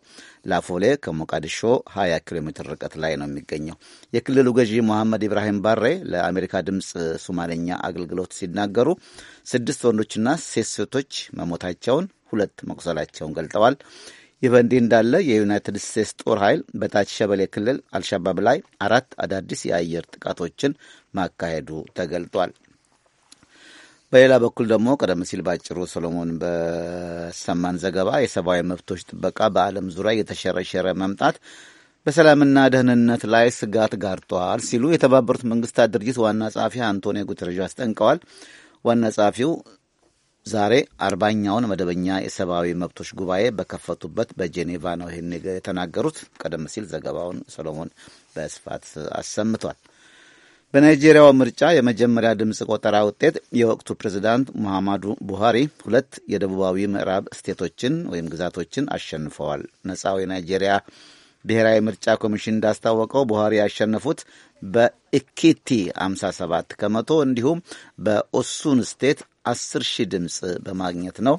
ላፎሌ ከሞቃዲሾ 20 ኪሎ ሜትር ርቀት ላይ ነው የሚገኘው። የክልሉ ገዢ መሐመድ ኢብራሂም ባሬ ለአሜሪካ ድምፅ ሶማሌኛ አገልግሎት ሲናገሩ ስድስት ወንዶችና ሴት ሴቶች መሞታቸውን፣ ሁለት መቁሰላቸውን ገልጠዋል። ይህ በእንዲህ እንዳለ የዩናይትድ ስቴትስ ጦር ኃይል በታች ሸበሌ ክልል አልሻባብ ላይ አራት አዳዲስ የአየር ጥቃቶችን ማካሄዱ ተገልጧል። በሌላ በኩል ደግሞ ቀደም ሲል ባጭሩ ሰሎሞን በሰማን ዘገባ የሰብአዊ መብቶች ጥበቃ በዓለም ዙሪያ የተሸረሸረ መምጣት በሰላምና ደህንነት ላይ ስጋት ጋርጧል ሲሉ የተባበሩት መንግስታት ድርጅት ዋና ጸሐፊ አንቶኒዮ ጉተረዥ አስጠንቀዋል። ዋና ጸሐፊው ዛሬ አርባኛውን መደበኛ የሰብአዊ መብቶች ጉባኤ በከፈቱበት በጄኔቫ ነው ይህን የተናገሩት። ቀደም ሲል ዘገባውን ሰሎሞን በስፋት አሰምቷል። በናይጄሪያው ምርጫ የመጀመሪያ ድምፅ ቆጠራ ውጤት የወቅቱ ፕሬዚዳንት ሙሐማዱ ቡሃሪ ሁለት የደቡባዊ ምዕራብ ስቴቶችን ወይም ግዛቶችን አሸንፈዋል። ነፃው የናይጄሪያ ብሔራዊ ምርጫ ኮሚሽን እንዳስታወቀው ቡሃሪ ያሸነፉት በኢኪቲ 57 ከመቶ እንዲሁም በኦሱን ስቴት አስር ሺህ ድምፅ በማግኘት ነው።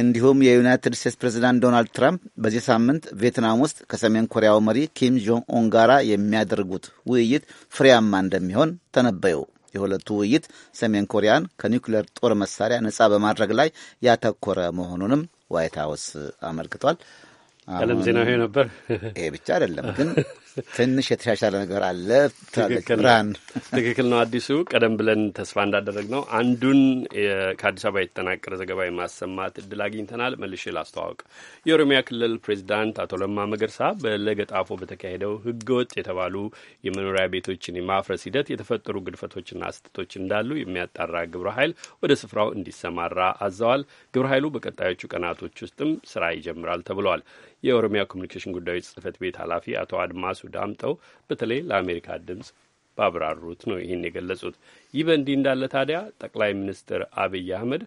እንዲሁም የዩናይትድ ስቴትስ ፕሬዚዳንት ዶናልድ ትራምፕ በዚህ ሳምንት ቪየትናም ውስጥ ከሰሜን ኮሪያው መሪ ኪም ጆንግ ኡን ጋራ የሚያደርጉት ውይይት ፍሬያማ እንደሚሆን ተነበዩ። የሁለቱ ውይይት ሰሜን ኮሪያን ከኒውክሌር ጦር መሳሪያ ነፃ በማድረግ ላይ ያተኮረ መሆኑንም ዋይት ሀውስ አመልክቷል። ዓለም ዜናዊ ነበር። ይሄ ብቻ አይደለም ግን ትንሽ የተሻሻለ ነገር አለ። ብርሃን ትክክል ነው። አዲሱ ቀደም ብለን ተስፋ እንዳደረግ ነው አንዱን ከአዲስ አበባ የተጠናቀረ ዘገባ የማሰማት እድል አግኝተናል። መልሼ ላስተዋወቅ። የኦሮሚያ ክልል ፕሬዚዳንት አቶ ለማ መገርሳ በለገጣፎ በተካሄደው ህገወጥ የተባሉ የመኖሪያ ቤቶችን የማፍረስ ሂደት የተፈጠሩ ግድፈቶችና ስህተቶች እንዳሉ የሚያጣራ ግብረ ኃይል ወደ ስፍራው እንዲሰማራ አዘዋል። ግብረ ኃይሉ በቀጣዮቹ ቀናቶች ውስጥም ስራ ይጀምራል ተብሏል። የኦሮሚያ ኮሚኒኬሽን ጉዳዮች ጽህፈት ቤት ኃላፊ አቶ አድማሱ ዳምጠው በተለይ ለአሜሪካ ድምፅ ባብራሩት ነው ይህን የገለጹት። ይህ በእንዲህ እንዳለ ታዲያ ጠቅላይ ሚኒስትር አብይ አህመድ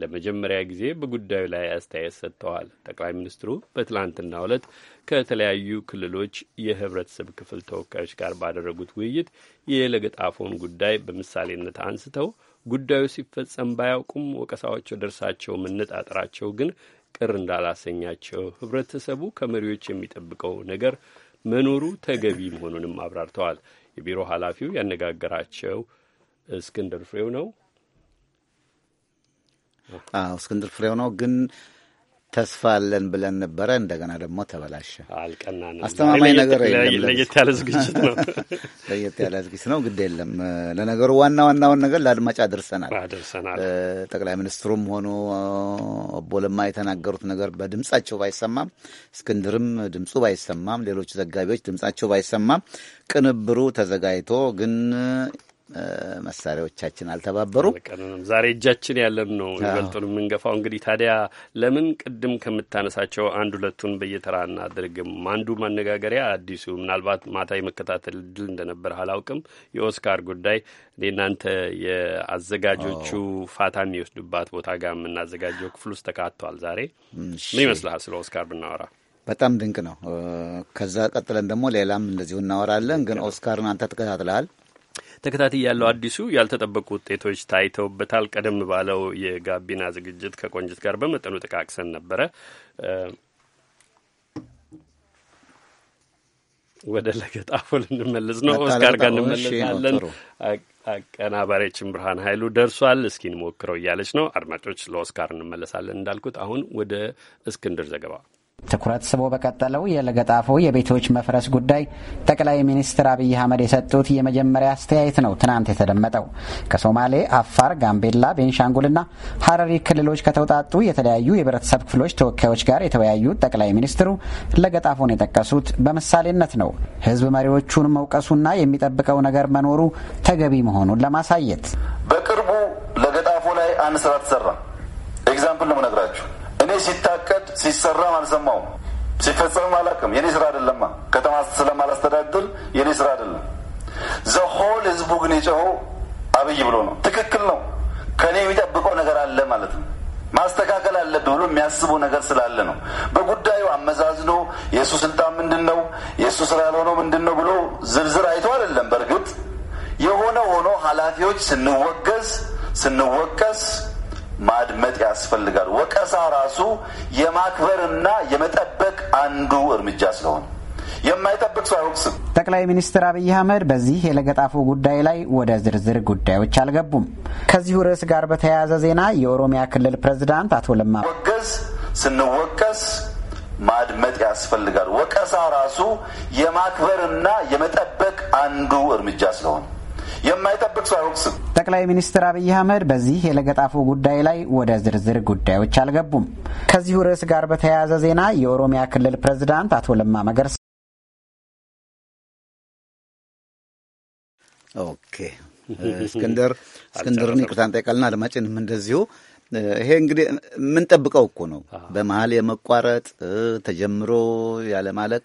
ለመጀመሪያ ጊዜ በጉዳዩ ላይ አስተያየት ሰጥተዋል። ጠቅላይ ሚኒስትሩ በትላንትናው ዕለት ከተለያዩ ክልሎች የህብረተሰብ ክፍል ተወካዮች ጋር ባደረጉት ውይይት የለገጣፎን ጉዳይ በምሳሌነት አንስተው ጉዳዩ ሲፈጸም ባያውቁም ወቀሳዎቹ ደርሳቸው መነጣጠራቸው ግን ቅር እንዳላሰኛቸው፣ ህብረተሰቡ ከመሪዎች የሚጠብቀው ነገር መኖሩ ተገቢ መሆኑንም አብራርተዋል። የቢሮ ኃላፊው ያነጋገራቸው እስክንድር ፍሬው ነው። እስክንድር ፍሬው ነው ግን ተስፋ አለን ብለን ነበረ። እንደገና ደግሞ ተበላሸ። አልቀናንም። አስተማማኝ ነገር ለየት ያለ ዝግጅት ነው። ለየት ያለ ዝግጅት ነው። ግድ የለም። ለነገሩ ዋና ዋናውን ነገር ለአድማጭ አድርሰናል። ጠቅላይ ሚኒስትሩም ሆኑ አቦ ለማ የተናገሩት ነገር በድምጻቸው ባይሰማም፣ እስክንድርም ድምፁ ባይሰማም፣ ሌሎች ዘጋቢዎች ድምጻቸው ባይሰማም ቅንብሩ ተዘጋጅቶ ግን መሳሪያዎቻችን አልተባበሩም። ዛሬ እጃችን ያለን ነው ይበልጡን የምንገፋው። እንግዲህ ታዲያ ለምን ቅድም ከምታነሳቸው አንድ ሁለቱን በየተራ እናድርግም። አንዱ መነጋገሪያ አዲሱ ምናልባት ማታ የመከታተል እድል እንደነበር አላውቅም። የኦስካር ጉዳይ እናንተ የአዘጋጆቹ ፋታ የሚወስዱባት ቦታ ጋር የምናዘጋጀው ክፍል ውስጥ ተካቷል። ዛሬ ምን ይመስልሃል ስለ ኦስካር ብናወራ? በጣም ድንቅ ነው። ከዛ ቀጥለን ደግሞ ሌላም እንደዚሁ እናወራለን። ግን ኦስካርን አንተ ተከታትለሃል? ተከታታይ ያለው አዲሱ ያልተጠበቁ ውጤቶች ታይተውበታል። ቀደም ባለው የጋቢና ዝግጅት ከቆንጅት ጋር በመጠኑ ጥቃቅሰን ነበረ። ወደ ለገጣፎ ልንመለስ ነው። ኦስካር ጋር እንመለሳለን። አቀናባሪያችን ብርሃን ኃይሉ ደርሷል። እስኪ እንሞክረው እያለች ነው። አድማጮች፣ ለኦስካር እንመለሳለን እንዳልኩት። አሁን ወደ እስክንድር ዘገባ ትኩረት ስቦ በቀጠለው የለገጣፎ የቤቶች መፍረስ ጉዳይ ጠቅላይ ሚኒስትር አብይ አህመድ የሰጡት የመጀመሪያ አስተያየት ነው ትናንት የተደመጠው። ከሶማሌ፣ አፋር፣ ጋምቤላ፣ ቤንሻንጉልና ሀረሪ ክልሎች ከተውጣጡ የተለያዩ የህብረተሰብ ክፍሎች ተወካዮች ጋር የተወያዩት ጠቅላይ ሚኒስትሩ ለገጣፎን የጠቀሱት በምሳሌነት ነው። ህዝብ መሪዎቹን መውቀሱና የሚጠብቀው ነገር መኖሩ ተገቢ መሆኑን ለማሳየት በቅርቡ ለገጣፎ ላይ አንድ ስራ ተሰራ። ኤግዛምፕል ነው የምነግራችሁ እኔ ሲታቀድ ሲሰራም አልሰማውም፣ ሲፈጸምም አላውቅም። የኔ ስራ አይደለማ። ከተማ ስለማላስተዳድር የኔ ስራ አይደለም። ዘሆል ህዝቡ ግን የጮኸው አብይ ብሎ ነው። ትክክል ነው። ከእኔ የሚጠብቀው ነገር አለ ማለት ነው። ማስተካከል አለብህ ብሎ የሚያስበው ነገር ስላለ ነው። በጉዳዩ አመዛዝኖ የእሱ ስልጣን ምንድን ነው፣ የእሱ ስራ ያልሆነው ምንድን ነው ብሎ ዝርዝር አይቶ አይደለም። በእርግጥ የሆነ ሆኖ ኃላፊዎች ስንወገዝ ስንወቀስ ማድመጥ ያስፈልጋል። ወቀሳ ራሱ የማክበርና የመጠበቅ አንዱ እርምጃ ስለሆነ የማይጠብቅ ሰው አይወቅስም። ጠቅላይ ሚኒስትር አብይ አህመድ በዚህ የለገጣፉ ጉዳይ ላይ ወደ ዝርዝር ጉዳዮች አልገቡም። ከዚሁ ርዕስ ጋር በተያያዘ ዜና የኦሮሚያ ክልል ፕሬዝዳንት አቶ ለማ ወገዝ ስንወቀስ ማድመጥ ያስፈልጋል። ወቀሳ ራሱ የማክበርና የመጠበቅ አንዱ እርምጃ ስለሆነ የማይጠብቅ ሰው አይወቅስም። ጠቅላይ ሚኒስትር አብይ አህመድ በዚህ የለገጣፉ ጉዳይ ላይ ወደ ዝርዝር ጉዳዮች አልገቡም። ከዚሁ ርዕስ ጋር በተያያዘ ዜና የኦሮሚያ ክልል ፕሬዝዳንት አቶ ለማ መገርሳ ኦኬ እስክንድር እስክንድርን ይቅርታ እንጠይቃለን። አድማጭንም እንደዚሁ ይሄ እንግዲህ የምንጠብቀው እኮ ነው። በመሀል የመቋረጥ ተጀምሮ ያለማለቅ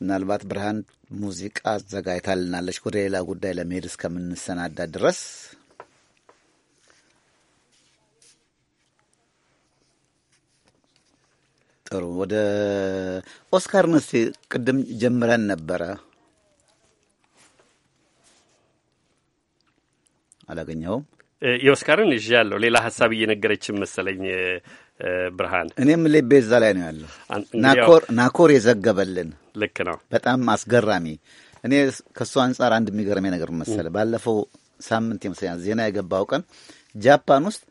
ምናልባት ብርሃን ሙዚቃ አዘጋጅታልናለች። ወደ ሌላ ጉዳይ ለመሄድ እስከምንሰናዳ ድረስ ጥሩ። ወደ ኦስካር ንስቲ ቅድም ጀምረን ነበረ አላገኘውም። የኦስካርን እዣ ያለው ሌላ ሀሳብ እየነገረችን መሰለኝ ብርሃን እኔም ልቤ እዛ ላይ ነው ያለው። ናኮር የዘገበልን ልክ ነው። በጣም አስገራሚ። እኔ ከእሱ አንጻር አንድ የሚገርመኝ ነገር መሰለ ባለፈው ሳምንት ይመስለኛል ዜና የገባው ቀን ጃፓን ውስጥ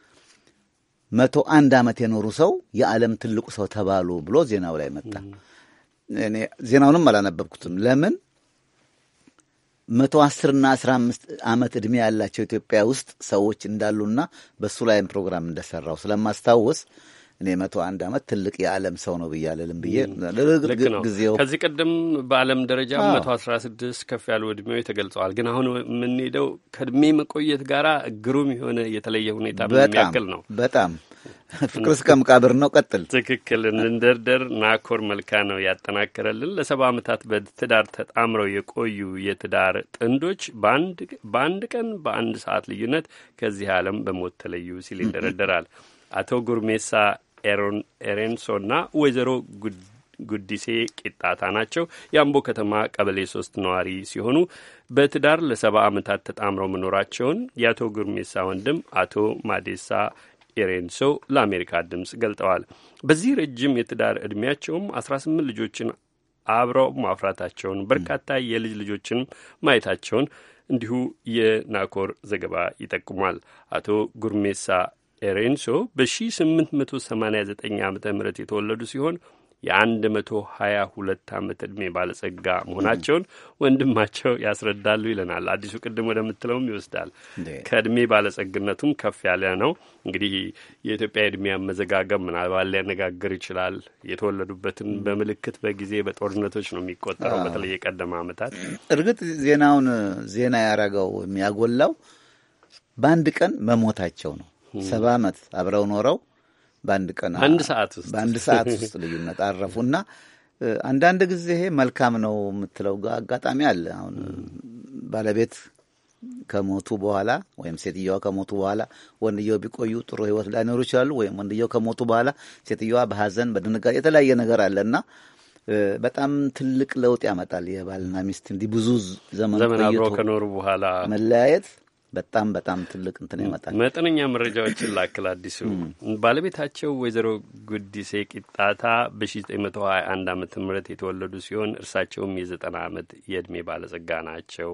መቶ አንድ ዓመት የኖሩ ሰው የዓለም ትልቁ ሰው ተባሉ ብሎ ዜናው ላይ መጣ። እኔ ዜናውንም አላነበብኩትም። ለምን መቶ አስርና አስራ አምስት ዓመት ዕድሜ ያላቸው ኢትዮጵያ ውስጥ ሰዎች እንዳሉና በእሱ ላይም ፕሮግራም እንደሰራው ስለማስታወስ እኔ መቶ አንድ ዓመት ትልቅ የዓለም ሰው ነው ብያለልም አልልም ብዬ ጊዜው ከዚህ ቀደም በዓለም ደረጃ መቶ አስራ ስድስት ከፍ ያሉ እድሜዎች ተገልጸዋል። ግን አሁን የምንሄደው ከእድሜ መቆየት ጋር ግሩም የሆነ የተለየ ሁኔታ የሚያክል ነው። በጣም ፍቅር እስከ መቃብር ነው። ቀጥል። ትክክል እንደርደር ናኮር መልካ ነው ያጠናከረልን። ለሰባ ዓመታት በትዳር ተጣምረው የቆዩ የትዳር ጥንዶች በአንድ ቀን በአንድ ሰዓት ልዩነት ከዚህ ዓለም በሞት ተለዩ ሲል ይንደረደራል። አቶ ጉርሜሳ ኤሬንሶ እና ወይዘሮ ጉዲሴ ቂጣታ ናቸው። የአምቦ ከተማ ቀበሌ ሶስት ነዋሪ ሲሆኑ በትዳር ለሰባ ዓመታት ተጣምረው መኖራቸውን የአቶ ጉርሜሳ ወንድም አቶ ማዴሳ ኤሬንሶ ለአሜሪካ ድምፅ ገልጠዋል። በዚህ ረጅም የትዳር ዕድሜያቸውም 18 ልጆችን አብረው ማፍራታቸውን በርካታ የልጅ ልጆችን ማየታቸውን እንዲሁ የናኮር ዘገባ ይጠቁማል። አቶ ጉርሜሳ ኤሬንሶ በ1889 ዓ ም የተወለዱ ሲሆን የአንድ መቶ ሀያ ሁለት ዓመት ዕድሜ ባለጸጋ መሆናቸውን ወንድማቸው ያስረዳሉ ይለናል። አዲሱ ቅድም ወደምትለውም ይወስዳል። ከዕድሜ ባለጸግነቱም ከፍ ያለ ነው። እንግዲህ የኢትዮጵያ ዕድሜ አመዘጋገብ ምናልባት ሊያነጋግር ይችላል። የተወለዱበትን በምልክት በጊዜ በጦርነቶች ነው የሚቆጠረው፣ በተለይ የቀደመ ዓመታት። እርግጥ ዜናውን ዜና ያረገው የሚያጎላው በአንድ ቀን መሞታቸው ነው ሰባ ዓመት አብረው ኖረው በአንድ ቀን አንድ ሰዓት ውስጥ በአንድ ሰዓት ውስጥ ልዩነት አረፉና አንዳንድ ጊዜ ይሄ መልካም ነው የምትለው አጋጣሚ አለ። አሁን ባለቤት ከሞቱ በኋላ ወይም ሴትየዋ ከሞቱ በኋላ ወንድየው ቢቆዩ ጥሩ ህይወት ላይኖሩ ይችላሉ። ወይም ወንድየው ከሞቱ በኋላ ሴትዮዋ በሀዘን በድንጋጤ የተለያየ ነገር እና በጣም ትልቅ ለውጥ ያመጣል። የባልና ሚስት እንዲህ ብዙ ዘመን አብሮ ከኖሩ በኋላ መለያየት በጣም በጣም ትልቅ እንትን ያመጣል። መጠነኛ መረጃዎችን ላክል። አዲሱ ባለቤታቸው ወይዘሮ ጉዲሴ ቂጣታ በ1921 ዓ ም የተወለዱ ሲሆን እርሳቸውም የዘጠና ዓመት የዕድሜ ባለጸጋ ናቸው።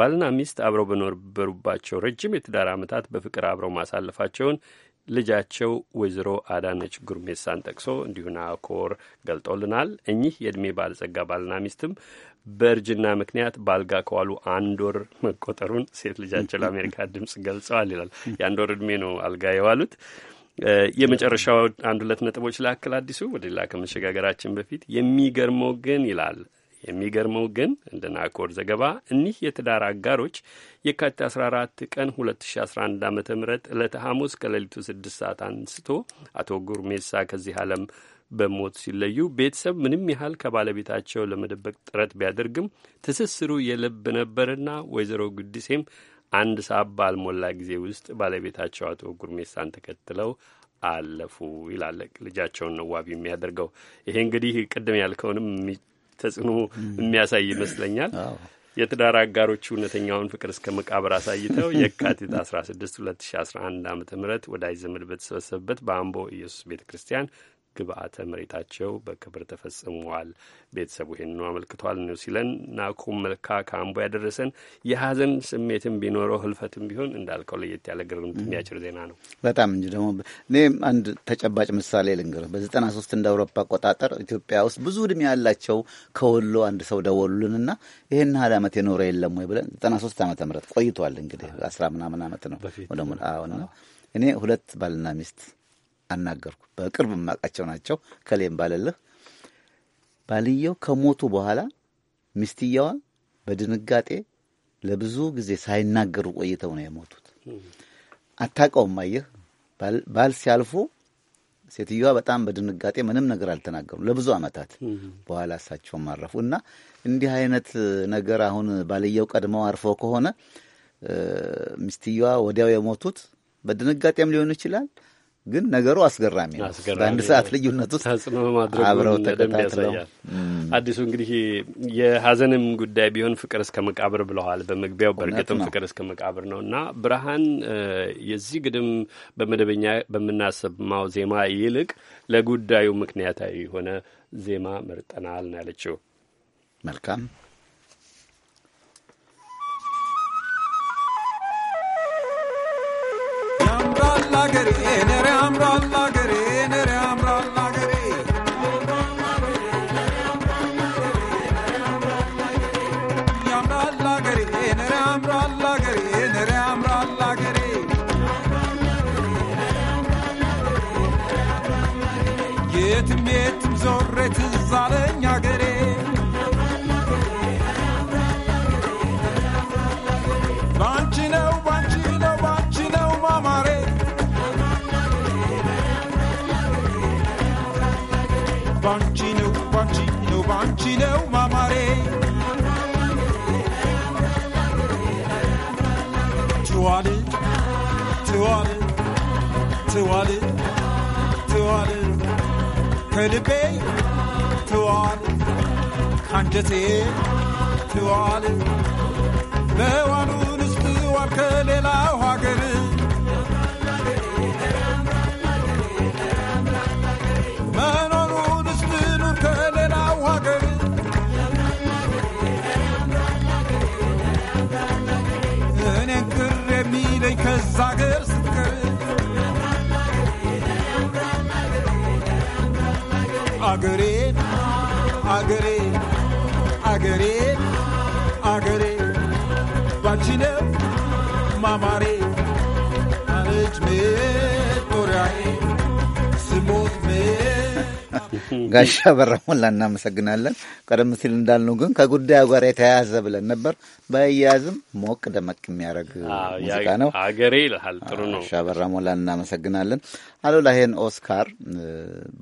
ባልና ሚስት አብረው በኖርበሩባቸው ረጅም የትዳር ዓመታት በፍቅር አብረው ማሳለፋቸውን ልጃቸው ወይዘሮ አዳነች ጉርሜሳን ጠቅሶ እንዲሁን አኮር ገልጦልናል። እኚህ የእድሜ ባለጸጋ ባልና ሚስትም በእርጅና ምክንያት በአልጋ ከዋሉ አንድ ወር መቆጠሩን ሴት ልጃቸው ለአሜሪካ ድምጽ ገልጸዋል ይላል። የአንድ ወር ነው አልጋ የዋሉት። የመጨረሻው አንድ ሁለት ነጥቦች ላክል። አዲሱ ወደ ሌላ ከመሸጋገራችን በፊት የሚገርመው ግን ይላል የሚገርመው ግን እንደ ናኮር ዘገባ እኒህ የትዳር አጋሮች የካቲት 14 ቀን 2011 ዓ ም ዕለተ ሐሙስ ከሌሊቱ 6 ሰዓት አንስቶ አቶ ጉርሜሳ ከዚህ ዓለም በሞት ሲለዩ ቤተሰብ ምንም ያህል ከባለቤታቸው ለመደበቅ ጥረት ቢያደርግም ትስስሩ የልብ ነበርና ወይዘሮ ጉዲሴም አንድ ሰዓት ባልሞላ ጊዜ ውስጥ ባለቤታቸው አቶ ጉርሜሳን ተከትለው አለፉ ይላል ልጃቸውን ነዋቢ የሚያደርገው። ይሄ እንግዲህ ቅድም ያልከውንም ተጽዕኖ የሚያሳይ ይመስለኛል። የትዳር አጋሮቹ እውነተኛውን ፍቅር እስከ መቃብር አሳይተው የካቲት 16 2011 ዓ ም ወዳጅ ዘመድ በተሰበሰበበት በአምቦ ኢየሱስ ቤተ ክርስቲያን ግብአተ መሬታቸው በክብር ተፈጽመዋል። ቤተሰቡ ይህንኑ አመልክቷል ነው ሲለን ናኩም መልካ ከአምቦ ያደረሰን። የሀዘን ስሜትም ቢኖረው ህልፈትም ቢሆን እንዳልከው ለየት ያለ ግርም የሚያጭር ዜና ነው በጣም እንጂ ደግሞ እኔ አንድ ተጨባጭ ምሳሌ ልንገርህ። በዘጠና ሶስት እንደ አውሮፓ አቆጣጠር ኢትዮጵያ ውስጥ ብዙ እድሜ ያላቸው ከወሎ አንድ ሰው ደወሉልንና ይህን ያህል ዓመት የኖረ የለም ወይ ብለን ዘጠና ሶስት ዓመተ ምህረት ቆይቷል እንግዲህ አስራ ምናምን ዓመት ነው ወደ እኔ ሁለት ባልና ሚስት አናገርኩ። በቅርብ የማውቃቸው ናቸው። ከሌም ባለልህ ባልየው ከሞቱ በኋላ ሚስትየዋ በድንጋጤ ለብዙ ጊዜ ሳይናገሩ ቆይተው ነው የሞቱት። አታውቀውም። አየህ ባል ሲያልፉ ሴትዮዋ በጣም በድንጋጤ ምንም ነገር አልተናገሩም ለብዙ ዓመታት። በኋላ እሳቸውም አረፉ እና እንዲህ አይነት ነገር አሁን ባልየው ቀድመው አርፈው ከሆነ ሚስትየዋ ወዲያው የሞቱት በድንጋጤም ሊሆን ይችላል ግን ነገሩ አስገራሚ ነው። በአንድ ሰዓት ልዩነት ውስጥ ተጽዕኖ አብረው ተከታትለው አዲሱ እንግዲህ የሀዘንም ጉዳይ ቢሆን ፍቅር እስከ መቃብር ብለዋል በመግቢያው። በእርግጥም ፍቅር እስከ መቃብር ነው እና ብርሃን የዚህ ግድም በመደበኛ በምናሰማው ዜማ ይልቅ ለጉዳዩ ምክንያታዊ የሆነ ዜማ መርጠናል ነው ያለችው። መልካም አገሬ እኔ ያምራል አገሬ ትዋል ከልቤ ትዋልድ ካንጀቴ ከሌላው ሀገር I got it, I But you know, my body. ጋሻ በረሞላ እናመሰግናለን። ቀደም ሲል እንዳልነው ግን ከጉዳዩ ጋር የተያያዘ ብለን ነበር። በያያዝም ሞቅ ደመቅ የሚያደርግ ሙዚቃ ነው። አገሬ ይልሃል። ጥሩ ነው። ጋሻ በረሞላ እናመሰግናለን። አሉላ ይሄን ኦስካር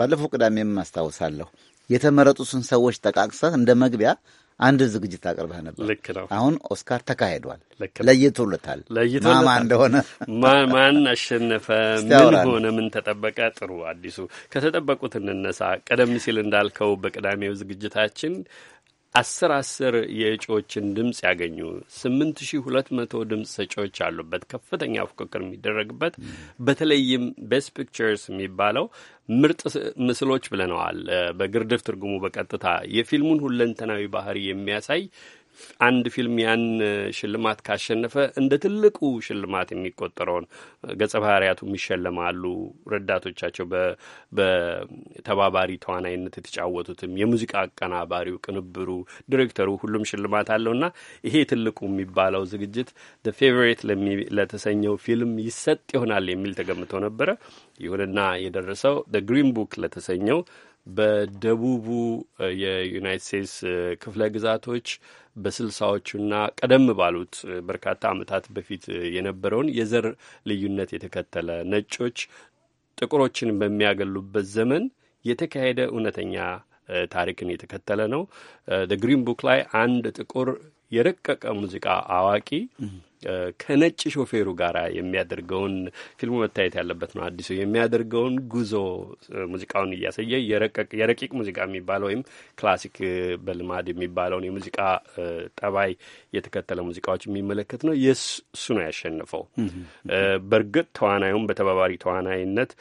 ባለፈው ቅዳሜም አስታውሳለሁ የተመረጡትን ሰዎች ጠቃቅሰህ እንደ መግቢያ አንድ ዝግጅት አቅርበህ ነበር። ልክ ነው። አሁን ኦስካር ተካሄዷል። ለይቶለታል። ማማ እንደሆነ ማን አሸነፈ፣ ምን ሆነ፣ ምን ተጠበቀ? ጥሩ አዲሱ ከተጠበቁት እንነሳ። ቀደም ሲል እንዳልከው በቅዳሜው ዝግጅታችን አስር አስር የእጩዎችን ድምፅ ያገኙ ስምንት ሺህ ሁለት መቶ ድምፅ ሰጪዎች አሉበት ከፍተኛ ፉክክር የሚደረግበት በተለይም ቤስት ፒክቸርስ የሚባለው ምርጥ ምስሎች ብለነዋል። በግርድፍ ትርጉሙ በቀጥታ የፊልሙን ሁለንተናዊ ባህሪ የሚያሳይ አንድ ፊልም ያን ሽልማት ካሸነፈ እንደ ትልቁ ሽልማት የሚቆጠረውን ገጸ ባህርያቱም ይሸለማሉ። ረዳቶቻቸው በተባባሪ ተዋናይነት የተጫወቱትም፣ የሙዚቃ አቀናባሪው፣ ቅንብሩ፣ ዲሬክተሩ ሁሉም ሽልማት አለውና ይሄ ትልቁ የሚባለው ዝግጅት ዘ ፌቨሬት ለተሰኘው ፊልም ይሰጥ ይሆናል የሚል ተገምቶ ነበረ። ይሁንና የደረሰው ዘ ግሪን ቡክ ለተሰኘው በደቡቡ የዩናይት ስቴትስ ክፍለ ግዛቶች በስልሳዎቹና ቀደም ባሉት በርካታ ዓመታት በፊት የነበረውን የዘር ልዩነት የተከተለ ነጮች ጥቁሮችን በሚያገሉበት ዘመን የተካሄደ እውነተኛ ታሪክን የተከተለ ነው። ግሪን ቡክ ላይ አንድ ጥቁር የረቀቀ ሙዚቃ አዋቂ ከነጭ ሾፌሩ ጋር የሚያደርገውን ፊልሙ መታየት ያለበት ነው። አዲሱ የሚያደርገውን ጉዞ ሙዚቃውን እያሳየ የረቂቅ ሙዚቃ የሚባለው ወይም ክላሲክ በልማድ የሚባለውን የሙዚቃ ጠባይ የተከተለ ሙዚቃዎች የሚመለከት ነው። የሱ ነው ያሸነፈው። በእርግጥ ተዋናዩም በተባባሪ ተዋናይነት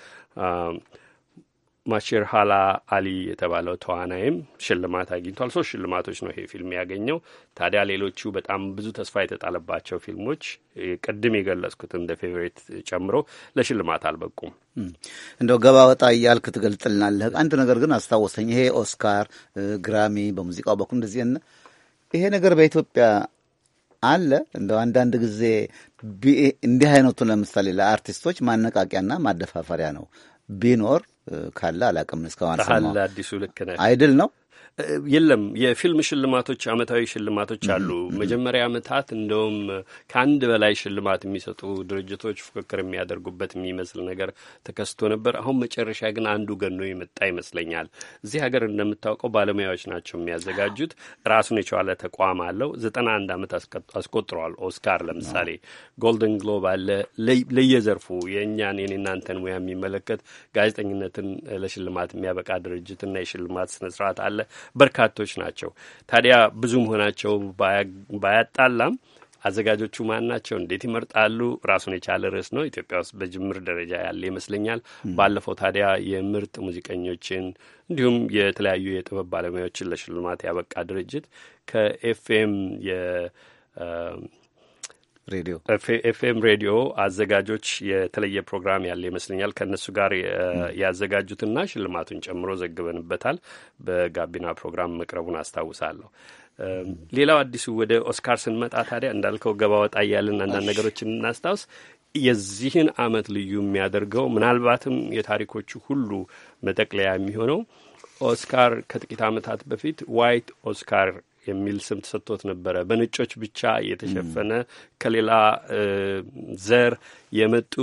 ሀላ አሊ የተባለው ተዋናይም ሽልማት አግኝቷል። ሶስት ሽልማቶች ነው ይሄ ፊልም ያገኘው። ታዲያ ሌሎቹ በጣም ብዙ ተስፋ የተጣለባቸው ፊልሞች ቅድም የገለጽኩት እንደ ፌቨሬት ጨምሮ ለሽልማት አልበቁም። እንደው ገባ ወጣ እያልክ ትገልጥልናለህ። አንድ ነገር ግን አስታወሰኝ። ይሄ ኦስካር፣ ግራሚ በሙዚቃው በኩል እንደዚህ ይሄ ነገር በኢትዮጵያ አለ እንደው አንዳንድ ጊዜ እንዲህ አይነቱን ለምሳሌ ለአርቲስቶች ማነቃቂያና ማደፋፈሪያ ነው ቢኖር ካለ አላቅም እስካሁን አዲሱ ልክ ነህ አይድል ነው የለም የፊልም ሽልማቶች አመታዊ ሽልማቶች አሉ። መጀመሪያ አመታት እንደውም ከአንድ በላይ ሽልማት የሚሰጡ ድርጅቶች ፉክክር የሚያደርጉበት የሚመስል ነገር ተከስቶ ነበር። አሁን መጨረሻ ግን አንዱ ገኖ የመጣ ይመስለኛል። እዚህ ሀገር እንደምታውቀው ባለሙያዎች ናቸው የሚያዘጋጁት። ራሱን የቻለ ተቋም አለው። ዘጠና አንድ አመት አስቆጥሯል ኦስካር ለምሳሌ ጎልደን ግሎብ አለ። ለየዘርፉ የእኛን የኔናንተን ሙያ የሚመለከት ጋዜጠኝነትን ለሽልማት የሚያበቃ ድርጅትና የሽልማት ስነስርዓት አለ። በርካቶች ናቸው። ታዲያ ብዙ መሆናቸው ባያጣላም አዘጋጆቹ ማን ናቸው? እንዴት ይመርጣሉ? ራሱን የቻለ ርዕስ ነው። ኢትዮጵያ ውስጥ በጅምር ደረጃ ያለ ይመስለኛል። ባለፈው ታዲያ የምርጥ ሙዚቀኞችን እንዲሁም የተለያዩ የጥበብ ባለሙያዎችን ለሽልማት ያበቃ ድርጅት ከኤፍኤም ሬዲዮ ኤፍኤም ሬዲዮ አዘጋጆች የተለየ ፕሮግራም ያለ ይመስለኛል ከእነሱ ጋር ያዘጋጁትና ሽልማቱን ጨምሮ ዘግበንበታል። በጋቢና ፕሮግራም መቅረቡን አስታውሳለሁ። ሌላው አዲሱ ወደ ኦስካር ስንመጣ ታዲያ እንዳልከው ገባ ወጣ እያልን አንዳንድ ነገሮችን እናስታውስ። የዚህን አመት ልዩ የሚያደርገው ምናልባትም የታሪኮቹ ሁሉ መጠቅለያ የሚሆነው ኦስካር ከጥቂት አመታት በፊት ዋይት ኦስካር የሚል ስም ተሰጥቶት ነበረ። በነጮች ብቻ የተሸፈነ ከሌላ ዘር የመጡ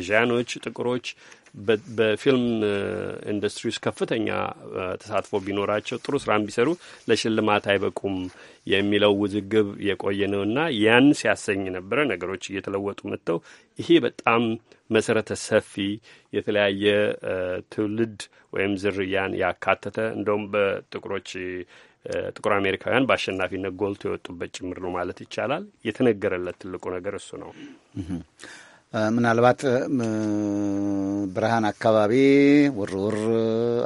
ኤዥያኖች፣ ጥቁሮች በፊልም ኢንዱስትሪ ውስጥ ከፍተኛ ተሳትፎ ቢኖራቸው ጥሩ ስራም ቢሰሩ ለሽልማት አይበቁም የሚለው ውዝግብ የቆየ ነውና ያን ሲያሰኝ ነበረ። ነገሮች እየተለወጡ መጥተው ይሄ በጣም መሰረተ ሰፊ የተለያየ ትውልድ ወይም ዝርያን ያካተተ እንደውም በጥቁሮች ጥቁር አሜሪካውያን በአሸናፊነት ጎልቶ የወጡበት ጭምር ነው ማለት ይቻላል። የተነገረለት ትልቁ ነገር እሱ ነው። ምናልባት ብርሃን አካባቢ ውርውር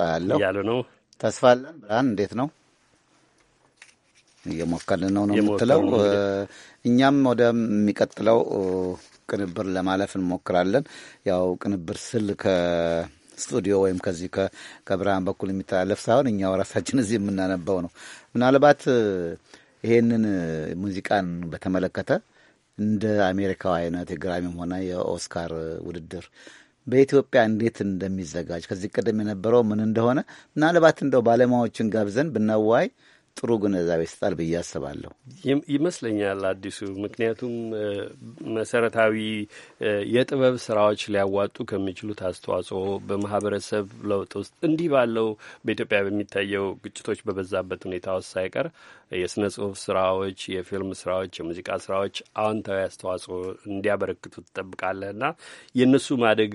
አያለው ያሉ ነው። ተስፋ አለን። ብርሃን እንዴት ነው? እየሞከልን ነው ነው የምትለው። እኛም ወደ የሚቀጥለው ቅንብር ለማለፍ እንሞክራለን። ያው ቅንብር ስል ከ ስቱዲዮ ወይም ከዚህ ከብርሃን በኩል የሚተላለፍ ሳይሆን እኛው ራሳችን እዚህ የምናነባው ነው። ምናልባት ይሄንን ሙዚቃን በተመለከተ እንደ አሜሪካው አይነት የግራሚም ሆነ የኦስካር ውድድር በኢትዮጵያ እንዴት እንደሚዘጋጅ ከዚህ ቀደም የነበረው ምን እንደሆነ ምናልባት እንደው ባለሙያዎችን ጋብዘን ብናዋይ ጥሩ ግንዛቤ ይሰጣል ብዬ አስባለሁ ይመስለኛል። አዲሱ ምክንያቱም መሰረታዊ የጥበብ ስራዎች ሊያዋጡ ከሚችሉት አስተዋጽኦ በማህበረሰብ ለውጥ ውስጥ እንዲህ ባለው በኢትዮጵያ በሚታየው ግጭቶች በበዛበት ሁኔታ ውስጥ ሳይቀር የስነ ጽሁፍ ስራዎች፣ የፊልም ስራዎች፣ የሙዚቃ ስራዎች አዎንታዊ አስተዋጽኦ እንዲያበረክቱ ትጠብቃለህ እና የእነሱ ማደግ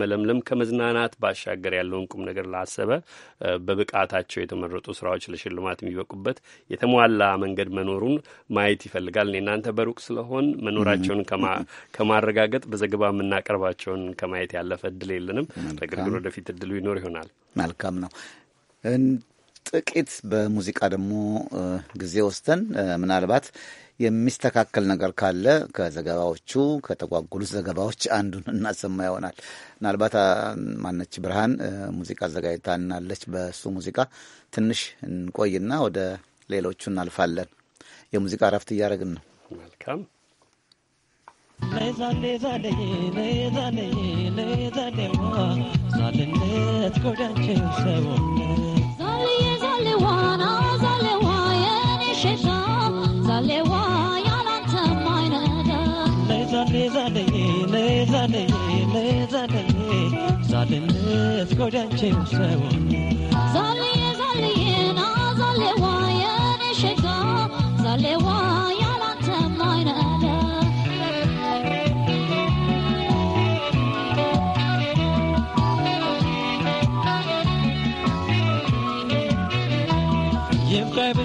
መለምለም ከመዝናናት ባሻገር ያለውን ቁም ነገር ላሰበ በብቃታቸው የተመረጡ ስራዎች ለሽልማት የሚ የሚበቁበት የተሟላ መንገድ መኖሩን ማየት ይፈልጋል። እኔ እናንተ በሩቅ ስለሆን መኖራቸውን ከማረጋገጥ በዘገባ የምናቀርባቸውን ከማየት ያለፈ እድል የለንም። ነገር ወደፊት እድሉ ይኖር ይሆናል። መልካም ነው። ጥቂት በሙዚቃ ደግሞ ጊዜ ወስደን ምናልባት የሚስተካከል ነገር ካለ ከዘገባዎቹ ከተጓጉሉት ዘገባዎች አንዱን እናሰማ ይሆናል። ምናልባት ማነች ብርሃን ሙዚቃ አዘጋጅታ እናለች። በሱ ሙዚቃ ትንሽ እንቆይና ወደ ሌሎቹ እናልፋለን። የሙዚቃ እረፍት እያደረግን ነው። መልካም ዛሌ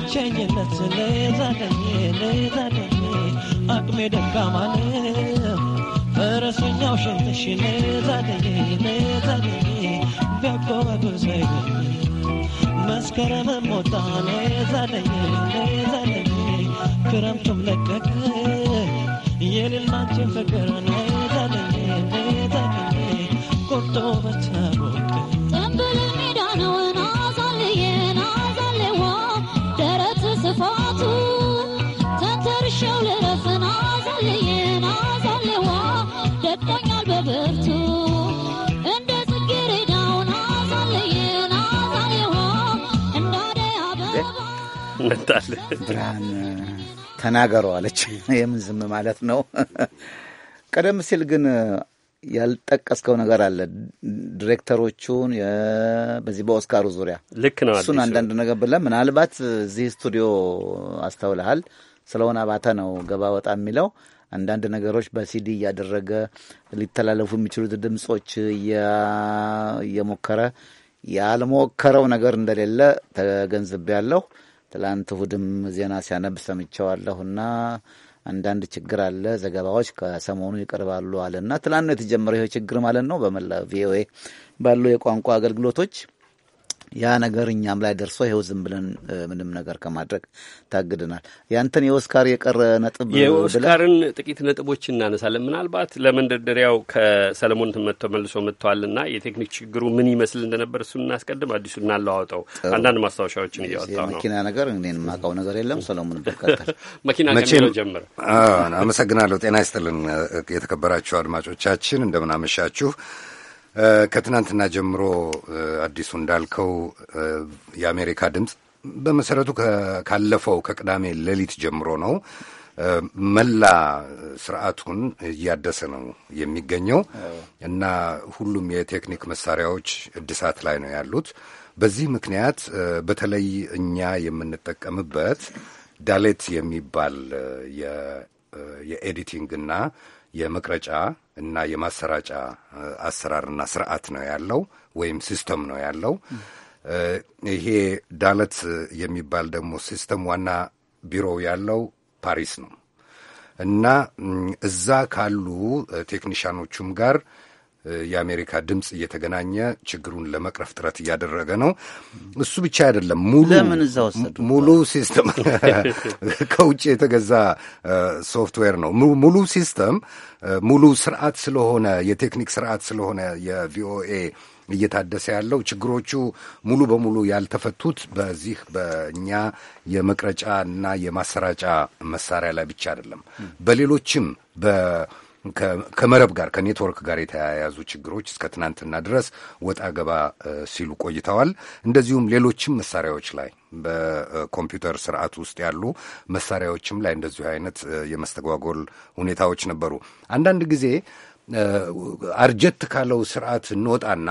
Change it, let's lay that day, lay that day. I've a እረፍኛው ሽንትሽ ነዛደይ ነዛደይ ቢያቆ ጉዘይ መስከረም ሞጣ ነዛደይ ነዛደይ ክረምቱም ለቀቀ የሌላችን ፍቅር ነው ይመጣል። ብርሃን ተናገሩ አለች። የምን ዝም ማለት ነው? ቀደም ሲል ግን ያልጠቀስከው ነገር አለ። ዲሬክተሮቹን በዚህ በኦስካሩ ዙሪያ ልክ ነው። እሱን አንዳንድ ነገር ብለ ምናልባት እዚህ ስቱዲዮ አስተውልሃል። ስለሆነ አባተ ነው ገባ ወጣ የሚለው አንዳንድ ነገሮች በሲዲ እያደረገ ሊተላለፉ የሚችሉት ድምፆች እየሞከረ ያልሞከረው ነገር እንደሌለ ተገንዝቤያለሁ። ትላንት እሁድም ዜና ሲያነብ ሰምቸዋለሁና አንዳንድ ችግር አለ፣ ዘገባዎች ከሰሞኑ ይቀርባሉ አለና ትላንት ነው የተጀመረው ይሄ ችግር ማለት ነው። በመላ ቪኦኤ ባሉ የቋንቋ አገልግሎቶች ያ ነገር እኛም ላይ ደርሶ ይኸው ዝም ብለን ምንም ነገር ከማድረግ ታግድናል። ያንተን የኦስካር የቀረ ነጥብ የኦስካርን ጥቂት ነጥቦች እናነሳለን። ምናልባት ለመንደርደሪያው ከሰለሞን ትመት መልሶ መጥተዋልና የቴክኒክ ችግሩ ምን ይመስል እንደነበር እሱን እናስቀድም። አዲሱ እናለዋውጠው። አንዳንድ ማስታወሻዎችን እያወጣ ነው። መኪና ነገር እኔን የማውቀው ነገር የለም። ሰለሞን ብቀጠል መኪና ከሚለው ጀምር። አመሰግናለሁ። ጤና ይስጥልን የተከበራችሁ አድማጮቻችን እንደምናመሻችሁ ከትናንትና ጀምሮ አዲሱ እንዳልከው የአሜሪካ ድምፅ በመሰረቱ ካለፈው ከቅዳሜ ሌሊት ጀምሮ ነው መላ ስርዓቱን እያደሰ ነው የሚገኘው እና ሁሉም የቴክኒክ መሳሪያዎች እድሳት ላይ ነው ያሉት። በዚህ ምክንያት በተለይ እኛ የምንጠቀምበት ዳሌት የሚባል የኤዲቲንግ እና የመቅረጫ እና የማሰራጫ አሰራርና ስርዓት ነው ያለው ወይም ሲስተም ነው ያለው። ይሄ ዳለት የሚባል ደግሞ ሲስተም ዋና ቢሮው ያለው ፓሪስ ነው እና እዛ ካሉ ቴክኒሽያኖቹም ጋር የአሜሪካ ድምፅ እየተገናኘ ችግሩን ለመቅረፍ ጥረት እያደረገ ነው። እሱ ብቻ አይደለም። ሙሉ ሙሉ ሲስተም ከውጭ የተገዛ ሶፍትዌር ነው። ሙሉ ሲስተም ሙሉ ስርዓት ስለሆነ የቴክኒክ ስርዓት ስለሆነ የቪኦኤ እየታደሰ ያለው ችግሮቹ ሙሉ በሙሉ ያልተፈቱት በዚህ በእኛ የመቅረጫ እና የማሰራጫ መሳሪያ ላይ ብቻ አይደለም በሌሎችም በ ከመረብ ጋር ከኔትወርክ ጋር የተያያዙ ችግሮች እስከ ትናንትና ድረስ ወጣ ገባ ሲሉ ቆይተዋል። እንደዚሁም ሌሎችም መሳሪያዎች ላይ በኮምፒውተር ስርዓት ውስጥ ያሉ መሳሪያዎችም ላይ እንደዚሁ አይነት የመስተጓጎል ሁኔታዎች ነበሩ። አንዳንድ ጊዜ አርጀት ካለው ስርዓት እንወጣና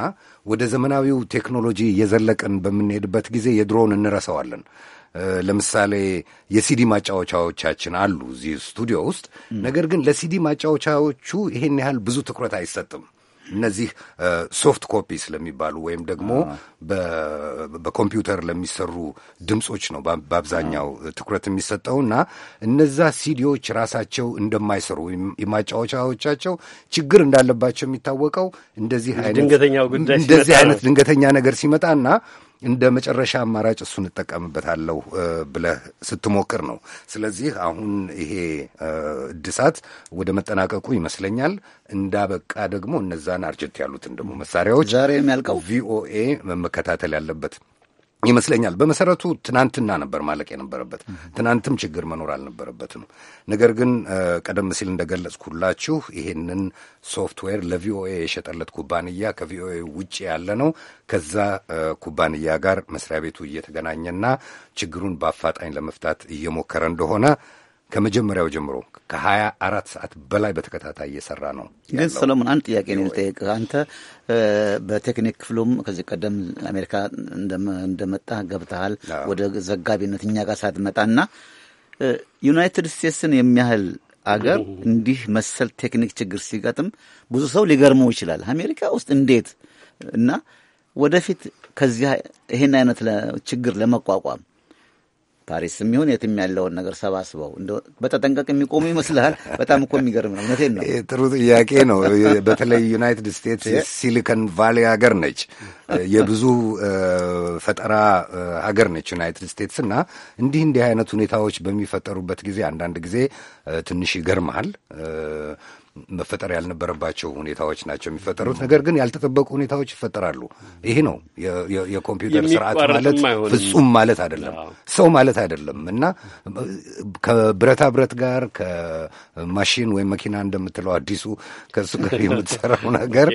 ወደ ዘመናዊው ቴክኖሎጂ እየዘለቅን በምንሄድበት ጊዜ የድሮውን እንረሰዋለን። ለምሳሌ የሲዲ ማጫወቻዎቻችን አሉ እዚህ ስቱዲዮ ውስጥ። ነገር ግን ለሲዲ ማጫወቻዎቹ ይሄን ያህል ብዙ ትኩረት አይሰጥም። እነዚህ ሶፍት ኮፒ ስለሚባሉ ወይም ደግሞ በኮምፒውተር ለሚሰሩ ድምፆች ነው በአብዛኛው ትኩረት እና እነዛ ሲዲዎች ራሳቸው እንደማይሰሩ የማጫወቻዎቻቸው ችግር እንዳለባቸው የሚታወቀው እንደዚህ አይነት ድንገተኛ ነገር ሲመጣና እንደ መጨረሻ አማራጭ እሱን እጠቀምበታለሁ ብለህ ስትሞክር ነው። ስለዚህ አሁን ይሄ እድሳት ወደ መጠናቀቁ ይመስለኛል። እንዳበቃ ደግሞ እነዛን አርጀት ያሉትን ደግሞ መሳሪያዎች ዛሬ የሚያልቀው ቪኦኤ መከታተል ያለበት ይመስለኛል በመሰረቱ ትናንትና ነበር ማለቅ የነበረበት። ትናንትም ችግር መኖር አልነበረበትም። ነገር ግን ቀደም ሲል እንደገለጽኩላችሁ ይሄንን ሶፍትዌር ለቪኦኤ የሸጠለት ኩባንያ ከቪኦኤ ውጭ ያለ ነው። ከዛ ኩባንያ ጋር መስሪያ ቤቱ እየተገናኘና ችግሩን በአፋጣኝ ለመፍታት እየሞከረ እንደሆነ ከመጀመሪያው ጀምሮ ከሀያ አራት ሰዓት በላይ በተከታታይ እየሰራ ነው። ግን ሰሎሞን አንድ ጥያቄ ነው ልጠየቅ። አንተ በቴክኒክ ክፍሉም ከዚህ ቀደም አሜሪካ እንደመጣ ገብተሃል ወደ ዘጋቢነት እኛ ጋር ሳትመጣና ዩናይትድ ስቴትስን የሚያህል አገር እንዲህ መሰል ቴክኒክ ችግር ሲገጥም ብዙ ሰው ሊገርመው ይችላል። አሜሪካ ውስጥ እንዴት እና ወደፊት ከዚህ ይህን አይነት ችግር ለመቋቋም ፓሪስም ይሁን የትም ያለውን ነገር ሰባስበው በተጠንቀቅ የሚቆሙ ይመስልሃል? በጣም እኮ የሚገርም ነው። እውነቴን ነው። ጥሩ ጥያቄ ነው። በተለይ ዩናይትድ ስቴትስ ሲሊከን ቫሌ ሀገር ነች። የብዙ ፈጠራ ሀገር ነች ዩናይትድ ስቴትስ እና እንዲህ እንዲህ አይነት ሁኔታዎች በሚፈጠሩበት ጊዜ አንዳንድ ጊዜ ትንሽ ይገርምሃል። መፈጠር ያልነበረባቸው ሁኔታዎች ናቸው የሚፈጠሩት። ነገር ግን ያልተጠበቁ ሁኔታዎች ይፈጠራሉ። ይሄ ነው የኮምፒውተር ስርዓት ማለት ፍጹም ማለት አይደለም፣ ሰው ማለት አይደለም እና ከብረታ ብረት ጋር ከማሽን ወይም መኪና እንደምትለው አዲሱ ከእሱ ጋር የምትሰራው ነገር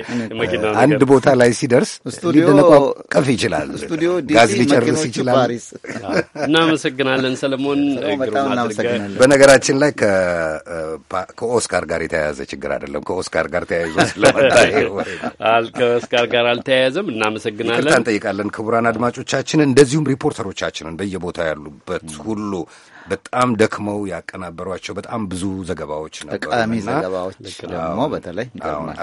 አንድ ቦታ ላይ ሲደርስ ሊደነቋቀፍ ይችላል፣ ጋዝ ሊጨርስ ይችላል። እናመሰግናለን ሰለሞን። በነገራችን ላይ ከኦስካር ጋር የተያያዘች ችግር አይደለም። ከኦስካር ጋር ተያይዞ ስለመጣ ከኦስካር ጋር አልተያያዘም። እናመሰግናለን። ይቅርታ እንጠይቃለን። ክቡራን አድማጮቻችንን እንደዚሁም ሪፖርተሮቻችንን በየቦታ ያሉበት ሁሉ በጣም ደክመው ያቀናበሯቸው በጣም ብዙ ዘገባዎች ነበሩ። ጠቃሚ ዘገባዎች ደግሞ በተለይ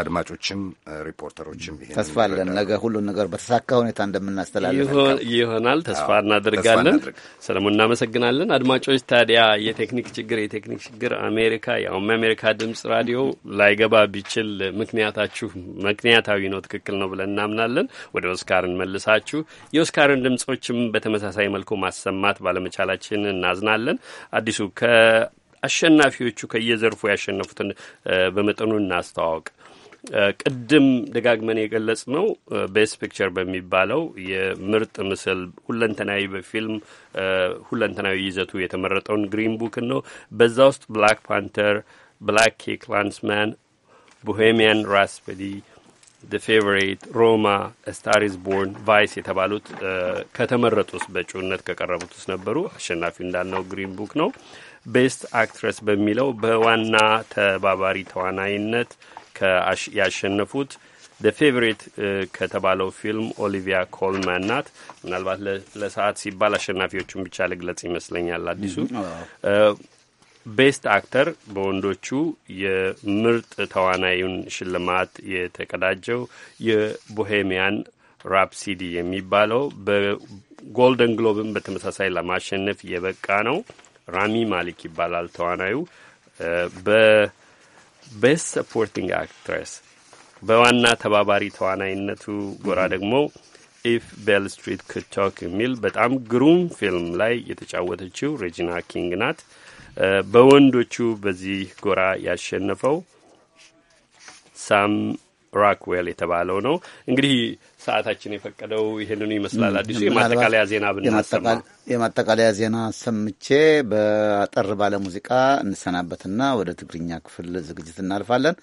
አድማጮችም ሪፖርተሮችም ይሄ ተስፋ አለን ነገ ሁሉን ነገር በተሳካ ሁኔታ እንደምናስተላልፍ ይሆናል ተስፋ እናደርጋለን። ሰለሞን እናመሰግናለን። አድማጮች ታዲያ የቴክኒክ ችግር የቴክኒክ ችግር አሜሪካ ያውም የአሜሪካ ድምጽ ራዲዮ ላይገባ ቢችል ምክንያታችሁ ምክንያታዊ ነው፣ ትክክል ነው ብለን እናምናለን። ወደ ኦስካር እንመልሳችሁ። የኦስካርን ድምጾችም በተመሳሳይ መልኩ ማሰማት ባለመቻላችን እናዝናለን። እንቀጥላለን። አዲሱ ከአሸናፊዎቹ ከየዘርፉ ያሸነፉትን በመጠኑ እናስተዋወቅ። ቅድም ደጋግመን የገለጽ ነው ቤስት ፒክቸር በሚባለው የምርጥ ምስል ሁለንተናዊ በፊልም ሁለንተናዊ ይዘቱ የተመረጠውን ግሪን ቡክን ነው። በዛ ውስጥ ብላክ ፓንተር፣ ብላክ ኬ ክላንስማን፣ ቦሄሚያን ራፕሶዲ ዘ ፌቨሬት፣ ሮማ፣ ስታሪስ ቦርን፣ ቫይስ የተባሉት ከተመረጡ ውስጥ በእጩነት ከቀረቡት ውስጥ ነበሩ። አሸናፊው እንዳልነው ግሪን ቡክ ነው። ቤስት አክትረስ በሚለው በዋና ተባባሪ ተዋናይነት ያሸነፉት ደ ፌቨሬት ከተባለው ፊልም ኦሊቪያ ኮልማን ናት። ምናልባት ለሰዓት ሲባል አሸናፊዎቹን ብቻ ልግለጽ ይመስለኛል አዲሱ ቤስት አክተር በወንዶቹ የምርጥ ተዋናዩን ሽልማት የተቀዳጀው የቦሄሚያን ራፕሲዲ የሚባለው በጎልደን ግሎብን በተመሳሳይ ለማሸነፍ የበቃ ነው። ራሚ ማሊክ ይባላል ተዋናዩ። በቤስት ሰፖርቲንግ አክትረስ በዋና ተባባሪ ተዋናይነቱ ጎራ ደግሞ ኢፍ ቤል ስትሪት ክቶክ የሚል በጣም ግሩም ፊልም ላይ የተጫወተችው ሬጂና ኪንግ ናት። በወንዶቹ በዚህ ጎራ ያሸነፈው ሳም ራክዌል የተባለው ነው። እንግዲህ ሰዓታችን የፈቀደው ይህንኑ ይመስላል። አዲሱ የማጠቃለያ ዜና ብናሰማ የማጠቃለያ ዜና ሰምቼ በአጠር ባለ ሙዚቃ እንሰናበትና ወደ ትግርኛ ክፍል ዝግጅት እናልፋለን።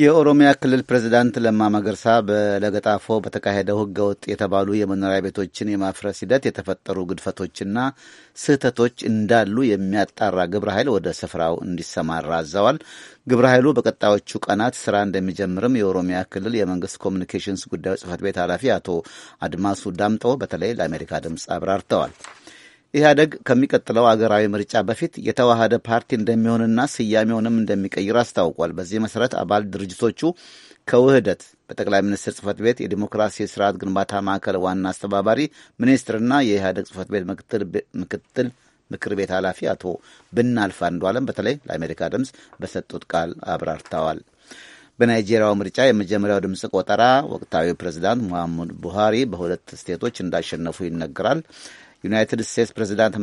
የኦሮሚያ ክልል ፕሬዚዳንት ለማ መገርሳ በለገጣፎ በተካሄደው ህገወጥ የተባሉ የመኖሪያ ቤቶችን የማፍረስ ሂደት የተፈጠሩ ግድፈቶችና ስህተቶች እንዳሉ የሚያጣራ ግብረ ኃይል ወደ ስፍራው እንዲሰማራ አዘዋል። ግብረ ኃይሉ በቀጣዮቹ ቀናት ስራ እንደሚጀምርም የኦሮሚያ ክልል የመንግስት ኮሚኒኬሽንስ ጉዳዮች ጽህፈት ቤት ኃላፊ አቶ አድማሱ ዳምጠው በተለይ ለአሜሪካ ድምፅ አብራርተዋል። ኢህአደግ ከሚቀጥለው አገራዊ ምርጫ በፊት የተዋሃደ ፓርቲ እንደሚሆንና ስያሜውንም እንደሚቀይር አስታውቋል። በዚህ መሰረት አባል ድርጅቶቹ ከውህደት በጠቅላይ ሚኒስትር ጽህፈት ቤት የዲሞክራሲ ስርዓት ግንባታ ማዕከል ዋና አስተባባሪ ሚኒስትርና የኢህአደግ ጽህፈት ቤት ምክትል ምክር ቤት ኃላፊ አቶ ብናልፍ አንዱዓለም በተለይ ለአሜሪካ ድምፅ በሰጡት ቃል አብራርተዋል። በናይጄሪያው ምርጫ የመጀመሪያው ድምፅ ቆጠራ ወቅታዊ ፕሬዚዳንት ሙሐመድ ቡሃሪ በሁለት ስቴቶች እንዳሸነፉ ይነገራል። ዩናይትድ ስቴትስ ፕሬዚዳንት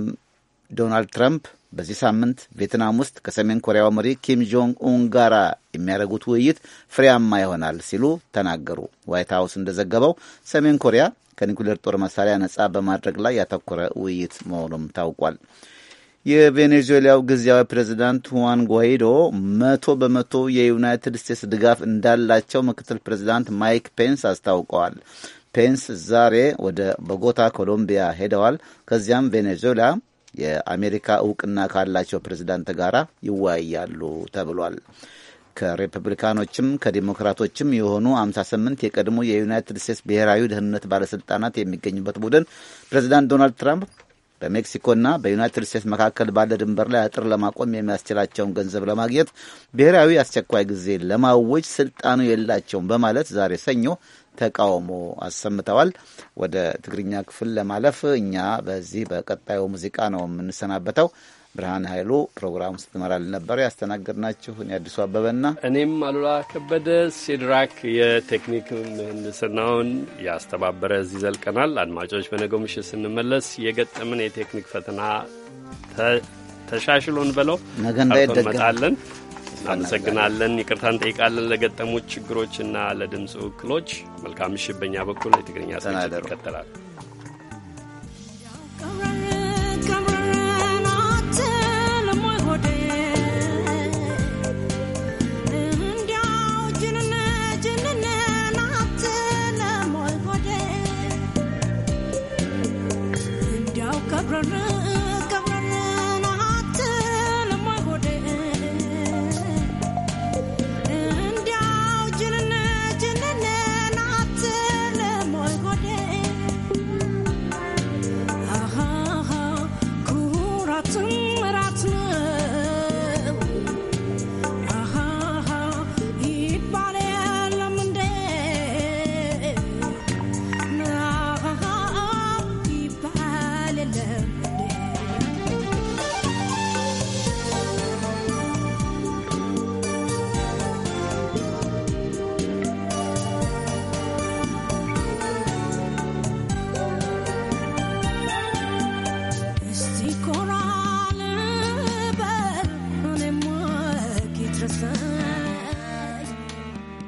ዶናልድ ትራምፕ በዚህ ሳምንት ቪየትናም ውስጥ ከሰሜን ኮሪያው መሪ ኪም ጆንግ ኡን ጋራ የሚያደርጉት ውይይት ፍሬያማ ይሆናል ሲሉ ተናገሩ። ዋይት ሀውስ እንደዘገበው ሰሜን ኮሪያ ከኒኩሌር ጦር መሳሪያ ነጻ በማድረግ ላይ ያተኮረ ውይይት መሆኑም ታውቋል። የቬኔዙዌላው ጊዜያዊ ፕሬዚዳንት ሁዋን ጓይዶ መቶ በመቶ የዩናይትድ ስቴትስ ድጋፍ እንዳላቸው ምክትል ፕሬዚዳንት ማይክ ፔንስ አስታውቀዋል። ፔንስ ዛሬ ወደ ቦጎታ ኮሎምቢያ ሄደዋል። ከዚያም ቬኔዙዌላ የአሜሪካ እውቅና ካላቸው ፕሬዚዳንት ጋር ይወያያሉ ተብሏል። ከሪፐብሊካኖችም ከዲሞክራቶችም የሆኑ 58 የቀድሞ የዩናይትድ ስቴትስ ብሔራዊ ደህንነት ባለስልጣናት የሚገኙበት ቡድን ፕሬዚዳንት ዶናልድ ትራምፕ በሜክሲኮና በዩናይትድ ስቴትስ መካከል ባለ ድንበር ላይ አጥር ለማቆም የሚያስችላቸውን ገንዘብ ለማግኘት ብሔራዊ አስቸኳይ ጊዜ ለማወጅ ስልጣኑ የላቸውም በማለት ዛሬ ሰኞ ተቃውሞ አሰምተዋል። ወደ ትግርኛ ክፍል ለማለፍ እኛ በዚህ በቀጣዩ ሙዚቃ ነው የምንሰናበተው። ብርሃን ኃይሉ ፕሮግራሙ ስትመራል ነበር። ያስተናገድናችሁ እኔ አዲሱ አበበና እኔም አሉላ ከበደ። ሲድራክ የቴክኒክ ምህንድስናውን ያስተባበረ እዚህ ዘልቀናል። አድማጮች በነገው ምሽት ስንመለስ የገጠምን የቴክኒክ ፈተና ተሻሽሎን በለው ነገ እንዳይደገመጣለን እናመሰግናለን። ይቅርታ እንጠይቃለን ለገጠሙ ችግሮችና ለድምፅ ውክሎች። መልካም ምሽት። በእኛ በኩል የትግርኛ ስርጭት ይከተላል።